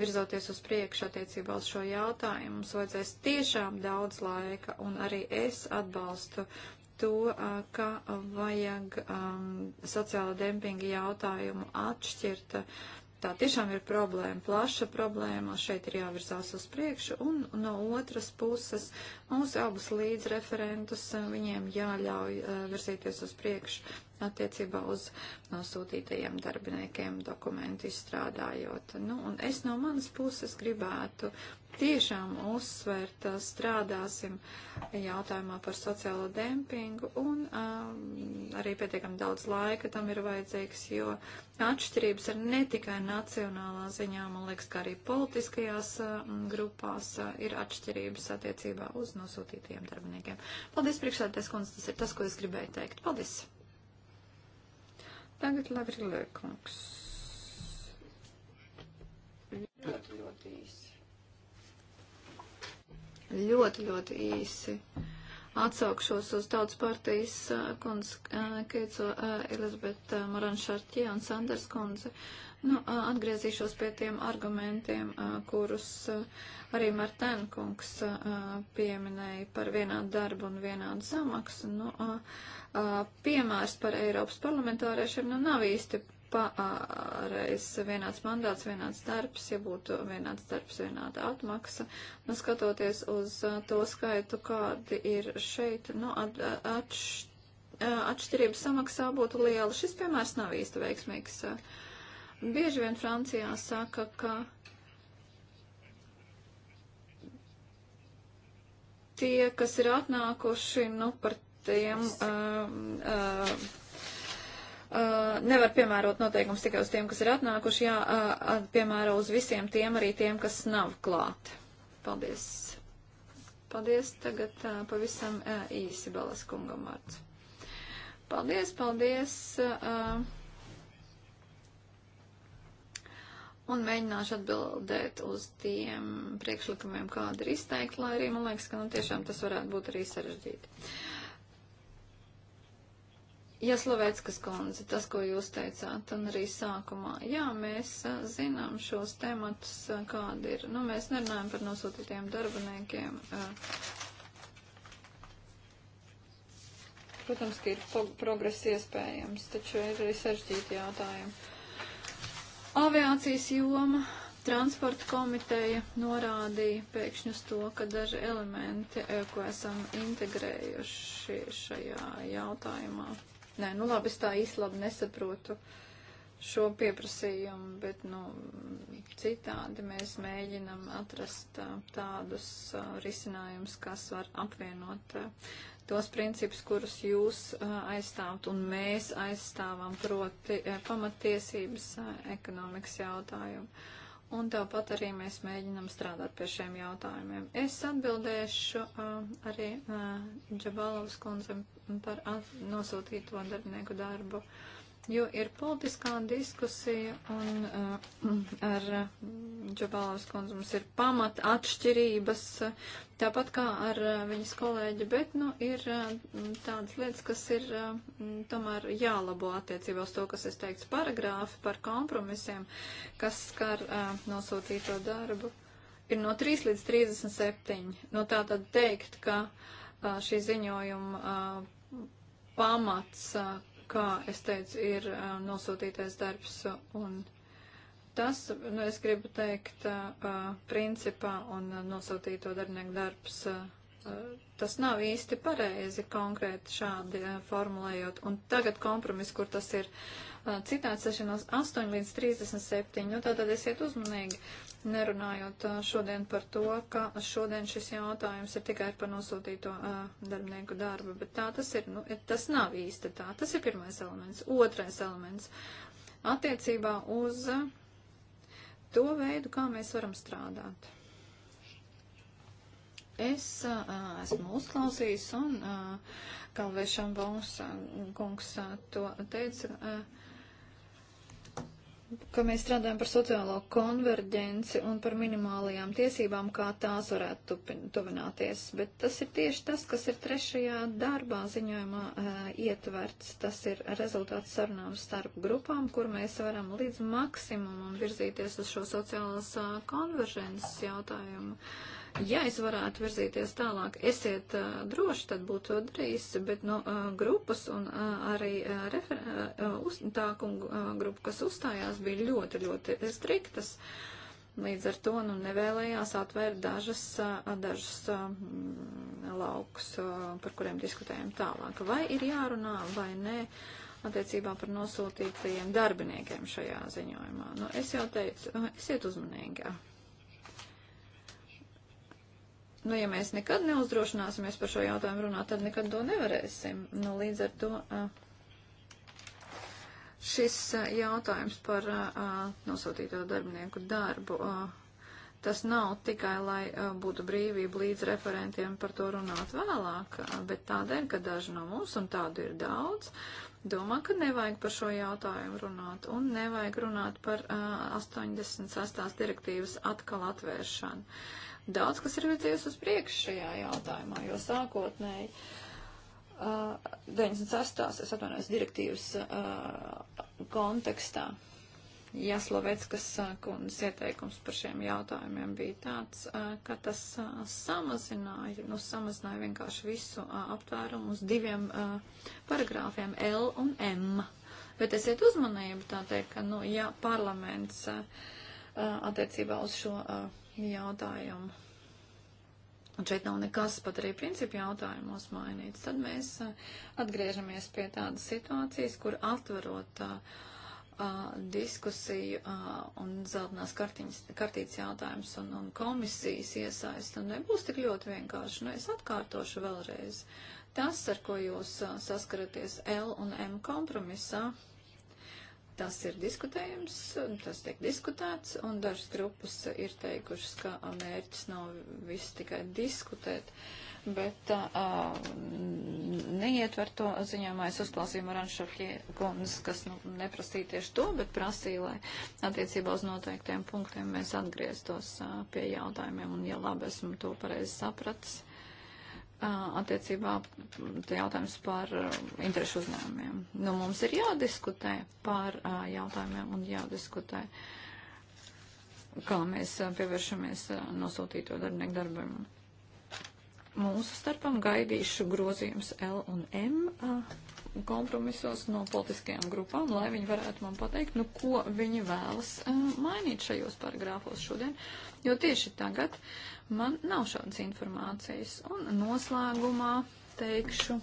virzoties uz priekšu attiecībā uz šo jautājumu, mums vajadzēs tiešām daudz laika, un arī es atbalstu to, ka vajag um, sociāla dempinga jautājumu atšķirt. Tā tiešām ir problēma, plaša problēma, šeit ir jāvirzās uz priekšu, un no otras puses mūsu abus līdzreferentus, viņiem jāļauj uh, virzīties uz priekšu attiecībā uz nosūtītajiem darbiniekiem dokumentu izstrādājot. Nu, un es no manas puses gribētu tiešām uzsvērt, strādāsim jautājumā par sociālo dempingu un um, arī pietiekam daudz laika tam ir vajadzīgs, jo atšķirības ir ne tikai nacionālā ziņā, man liekas, ka arī politiskajās uh, grupās uh, ir atšķirības attiecībā uz nosūtītajiem darbiniekiem. Paldies, priekšsēdētājs kundze, tas ir tas, ko es gribēju teikt. Paldies! Tagad Lavrilē kungs. Ļoti, ļoti īsi. Ļoti, ļoti īsi. Atsaukšos uz tautas partijas uh, kundz uh, Keico uh, Elizabeta Moranšarķie un Sanders kundzi. Uh, Nu, atgriezīšos pie tiem argumentiem, kurus arī Martēnkungs pieminēja par vienādu darbu un vienādu samaksu. Nu, piemērs par Eiropas parlamentāriešiem nu, nav īsti pareiz vienāds mandāts, vienāds darbs, ja būtu vienāds darbs, vienāda atmaksa. Nu, skatoties uz to skaitu, kādi ir šeit, nu, at, atš, atšķirības samaksā būtu liela. Šis piemērs nav īsti veiksmīgs. Uh, Bieži vien Francijā saka, ka tie, kas ir atnākuši, nu, par tiem uh, uh, uh, nevar piemērot noteikums tikai uz tiem, kas ir atnākuši, jā, uh, uh piemēro uz visiem tiem, arī tiem, kas nav klāti. Paldies. Paldies. Tagad uh, pavisam uh, īsi Balas kungam vārds. Paldies, paldies. Uh, uh un mēģināšu atbildēt uz tiem priekšlikumiem, kāda ir izteikta, lai arī man liekas, ka nu, tiešām tas varētu būt arī sarežģīti. Jaslovēckas kundze, tas, ko jūs teicāt, un arī sākumā, jā, mēs zinām šos tematus, kādi ir. Nu, mēs nerunājam par nosūtītiem darbiniekiem. Protams, ka ir progress iespējams, taču ir arī sarežģīti jautājumi. Aviācijas joma transporta komiteja norādīja pēkšņi uz to, ka daži elementi, eh, ko esam integrējuši šajā jautājumā, nē, nu labi, es tā īsti labi nesaprotu. Uh, šo pieprasījumu, bet nu, citādi mēs mēģinam atrast tādus risinājumus, kas var apvienot tos principus, kurus jūs aizstāvat un mēs aizstāvam, proti pamatiesības ekonomikas jautājumu. Un tāpat arī mēs mēģinam strādāt pie šiem jautājumiem. Es atbildēšu arī Džabalovas kundzem par nosūtīto darbinieku darbu. Uh, jo ir politiskā diskusija un uh, ar uh, Džabālas kundzi mums ir pamata atšķirības, uh, tāpat kā ar uh, viņas kolēģi, bet, nu, ir uh, tādas lietas, kas ir uh, tomēr jālabo attiecībā uz to, kas es teikts paragrāfi par kompromisiem, kas skar uh, nosūtīto darbu. Ir no 3 līdz 37. No nu, tā tad teikt, ka uh, šī ziņojuma uh, pamats, uh, kā es teicu, ir uh, nosūtītais darbs un tas, nu, es gribu teikt, uh, principā un nosūtīto darbinieku darbs uh, tas nav īsti pareizi konkrēti šādi formulējot. Un tagad kompromis, kur tas ir citāts 68 līdz 37, nu tātad esiet uzmanīgi. Nerunājot šodien par to, ka šodien šis jautājums ir tikai par nosūtīto uh, darbinieku darbu, bet tā tas ir, nu, tas nav īsti tā. Tas ir pirmais elements. Otrais elements attiecībā uz uh, to veidu, kā mēs varam strādāt. Es uh, esmu uzklausījis un uh, Kalvēšana Bongs kungs uh, to teica. Uh, ka mēs strādājam par sociālo konverģenci un par minimālajām tiesībām, kā tās varētu tuvināties. Bet tas ir tieši tas, kas ir trešajā darbā ziņojumā e, ietverts. Tas ir rezultāts sarunām starp grupām, kur mēs varam līdz maksimumam virzīties uz šo sociālās eh, konverģences jautājumu. E, ja es varētu virzīties tālāk, esiet uh, droši, tad būtu to darījis, bet no nu, uh, grupas un uh, arī uh, refer, uh, uz, tā kunga uh, grupa, kas uzstājās, bija ļoti, ļoti striktas. Līdz ar to nu, nevēlējās atvērt dažas, uh, dažas uh, laukus, uh, par kuriem diskutējam tālāk. Vai ir jārunā vai nē attiecībā par nosūtītajiem darbiniekiem šajā ziņojumā? Nu, es jau teicu, esiet uzmanīgi. Nu, ja mēs nekad neuzdrošināsimies par šo jautājumu runāt, tad nekad to nevarēsim. Nu, līdz ar to šis jautājums par nosūtīto darbinieku darbu, tas nav tikai, lai būtu brīvība līdz referentiem par to runāt vēlāk, bet tādēļ, ka daži no mums, un tādu ir daudz, domā, ka nevajag par šo jautājumu runāt, un nevajag runāt par 86. direktīvas atkal atvēršanu Daudz kas ir virzījies uz priekšu šajā jautājumā, jo sākotnēji uh, 96. es atvainojos direktīvas uh, kontekstā. Ja Slovetskas uh, kundas ieteikums par šiem jautājumiem bija tāds, uh, ka tas uh, samazināja, nu samazināja vienkārši visu uh, aptvērumu uz diviem uh, paragrāfiem L un M. Bet esiet uzmanību tā teikt, ka, nu, ja parlaments uh, attiecībā uz šo uh, jautājumu. Un šeit nav nekas pat arī principu jautājumos mainīts. Tad mēs atgriežamies pie tādas situācijas, kur atverot uh, diskusiju uh, un zeltnās kartiņas, kartītas jautājums un, un komisijas iesaist, un nebūs tik ļoti vienkārši. Nu, es atkārtošu vēlreiz. Tas, ar ko jūs uh, saskaraties L un M kompromisā, uh, Tas ir diskutējams, tas tiek diskutēts, un dažas grupas ir teikušas, ka mērķis nav viss tikai diskutēt, bet uh, neietver to ziņojumā. Es uzklausīju Maranšafļie kundzes, kas nu, neprasīja tieši to, bet prasīja, lai attiecībā uz noteiktiem punktiem mēs atgrieztos uh, pie jautājumiem, un ja labi esmu to pareizi sapratis attiecībā jautājums par interešu uzņēmumiem. Nu, mums ir jādiskutē par jautājumiem un jādiskutē, kā mēs pievēršamies nosūtīto darbinieku darbam mūsu starpam gaidīšu grozījums L un M kompromisos no politiskajām grupām, lai viņi varētu man pateikt, nu, ko viņi vēlas mainīt šajos paragrāfos šodien, jo tieši tagad man nav šādas informācijas. Un noslēgumā teikšu,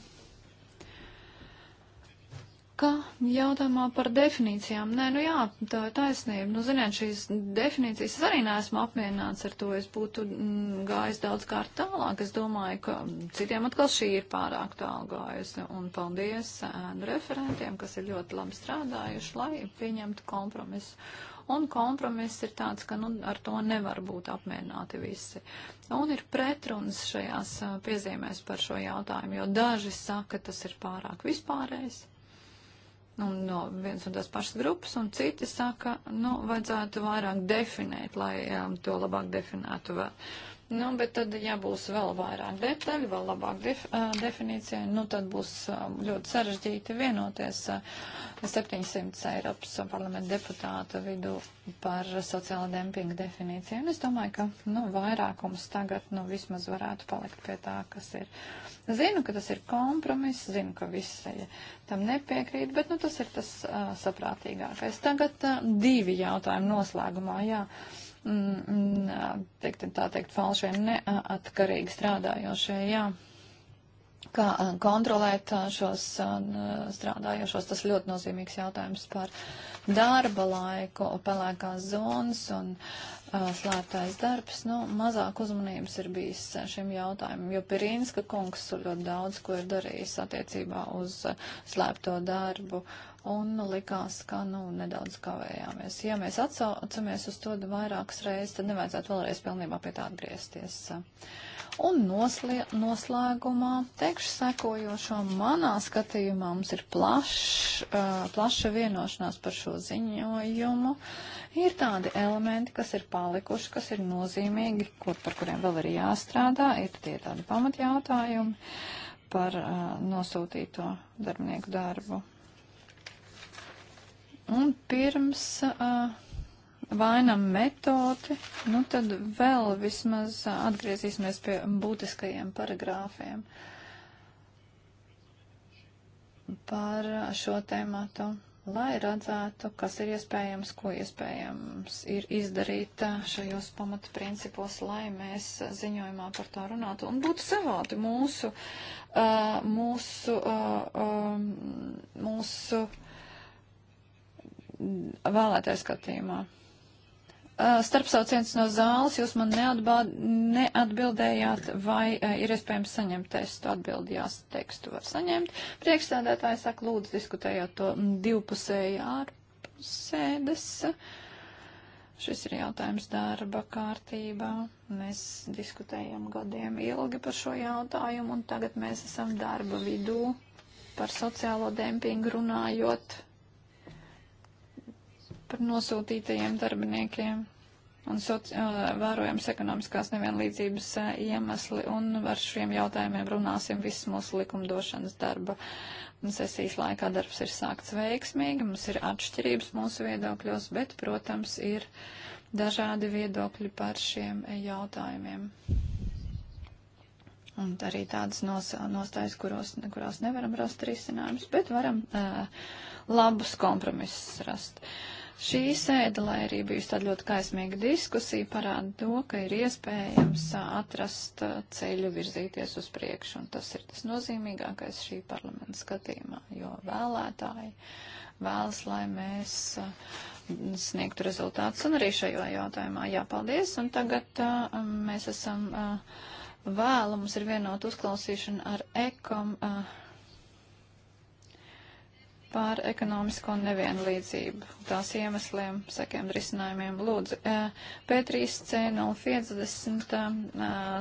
ka jautājumā par definīcijām. Nē, nu jā, tā ir taisnība. Nu, ziniet, šīs definīcijas es arī neesmu apmierināts ar to. Es būtu mm, gājis daudz kārt tālāk. Es domāju, ka citiem atkal šī ir pārāk tālu gājusi. Un paldies ēnu referentiem, kas ir ļoti labi strādājuši, lai pieņemtu kompromisu. Un kompromiss ir tāds, ka nu, ar to nevar būt apmierināti visi. Un ir pretruns šajās piezīmēs par šo jautājumu, jo daži saka, tas ir pārāk vispārējais un nu, no viens un tās pašas grupas, un citi saka, nu, vajadzētu vairāk definēt, lai um, to labāk definētu vēl. Nu, bet tad, ja būs vēl vairāk detaļu, vēl labāk def, uh, definīcija, nu, tad būs uh, ļoti sarežģīti vienoties uh, 700 Eiropas parlamenta deputāta vidū par sociāla dempinga definīciju. Un es domāju, ka, nu, vairākums tagad, nu, vismaz varētu palikt pie tā, kas ir. Zinu, ka tas ir kompromiss, zinu, ka visi tam nepiekrīt, bet, nu, tas ir tas uh, saprātīgākais. Tagad uh, divi jautājumi noslēgumā, jā. Uh, Mm, mm, teikt, tā teikt, falšie neatkarīgi strādājošie, jā. Kā kontrolēt šos strādājošos, tas ļoti nozīmīgs jautājums par darba laiku, pelēkās zonas un slēptais darbs. Nu, mazāk uzmanības ir bijis šim jautājumam, jo Pirīnska kungs ļoti daudz ko ir darījis attiecībā uz slēpto darbu un likās, ka nu, nedaudz kavējāmies. Ja mēs atsaucamies uz to vairākas reizes, tad nevajadzētu vēlreiz pilnībā pie tā atgriezties. Un noslie, noslēgumā teikšu sekojošo. Manā skatījumā mums ir plašs, uh, plaša vienošanās par šo ziņojumu. Ir tādi elementi, kas ir palikuši, kas ir nozīmīgi, kur, par kuriem vēl ir jāstrādā. Ir tie tādi pamatjautājumi par uh, nosūtīto darbinieku darbu Un pirms uh, vainam metodi, nu tad vēl vismaz atgriezīsimies pie būtiskajiem paragrāfiem par šo tēmatu, lai redzētu, kas ir iespējams, ko iespējams ir izdarīt šajos pamata principos, lai mēs ziņojumā par to runātu. Un būtu savādi mūsu, uh, mūsu, uh, uh, mūsu vēlētajā skatījumā. Starpsauciens no zāles, jūs man neatbād, neatbildējāt, vai ir iespējams saņemt testu atbildi, jās tekstu var saņemt. Priekšsēdētāji saka, lūdzu, diskutējot to divpusēji ārpusēdes. Šis ir jautājums darba kārtībā. Mēs diskutējam gadiem ilgi par šo jautājumu, un tagad mēs esam darba vidū par sociālo dempingu runājot par nosūtītajiem darbiniekiem un soci, vērojams ekonomiskās nevienlīdzības iemesli, un ar šiem jautājumiem runāsim visas mūsu likumdošanas darba sesijas laikā. Darbs ir sākts veiksmīgi, mums ir atšķirības mūsu viedokļos, bet, protams, ir dažādi viedokļi par šiem jautājumiem. Un arī tādas nostājas, kuros, kurās nevaram rast risinājumus, bet varam uh, labus kompromisus rast. Uh, Šī sēde, lai arī bijusi tāda ļoti kaismīga diskusija, parāda to, ka ir iespējams atrast ceļu virzīties uz priekšu, un tas ir tas nozīmīgākais šī parlamenta skatījumā, jo vēlētāji vēlas, lai mēs sniegtu rezultātus, un arī šajā jautājumā jāpaldies, un tagad mēs esam vēlu, mums ir vienota uzklausīšana ar ekom. Uh, par ekonomisko nevienlīdzību, tās iemesliem, sekiem risinājumiem. Lūdzu, P3C050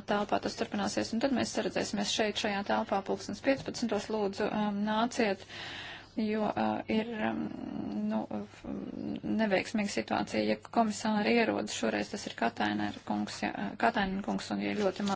telpā tas turpināsies, un tad mēs saredzēsimies šeit, šajā telpā, pulkstens 15. Lūdzu, nāciet, jo ir nu, neveiksmīga situācija, ja komisāri ierodas, šoreiz tas ir Katainen kungs, ja, kungs un ir ļoti maz.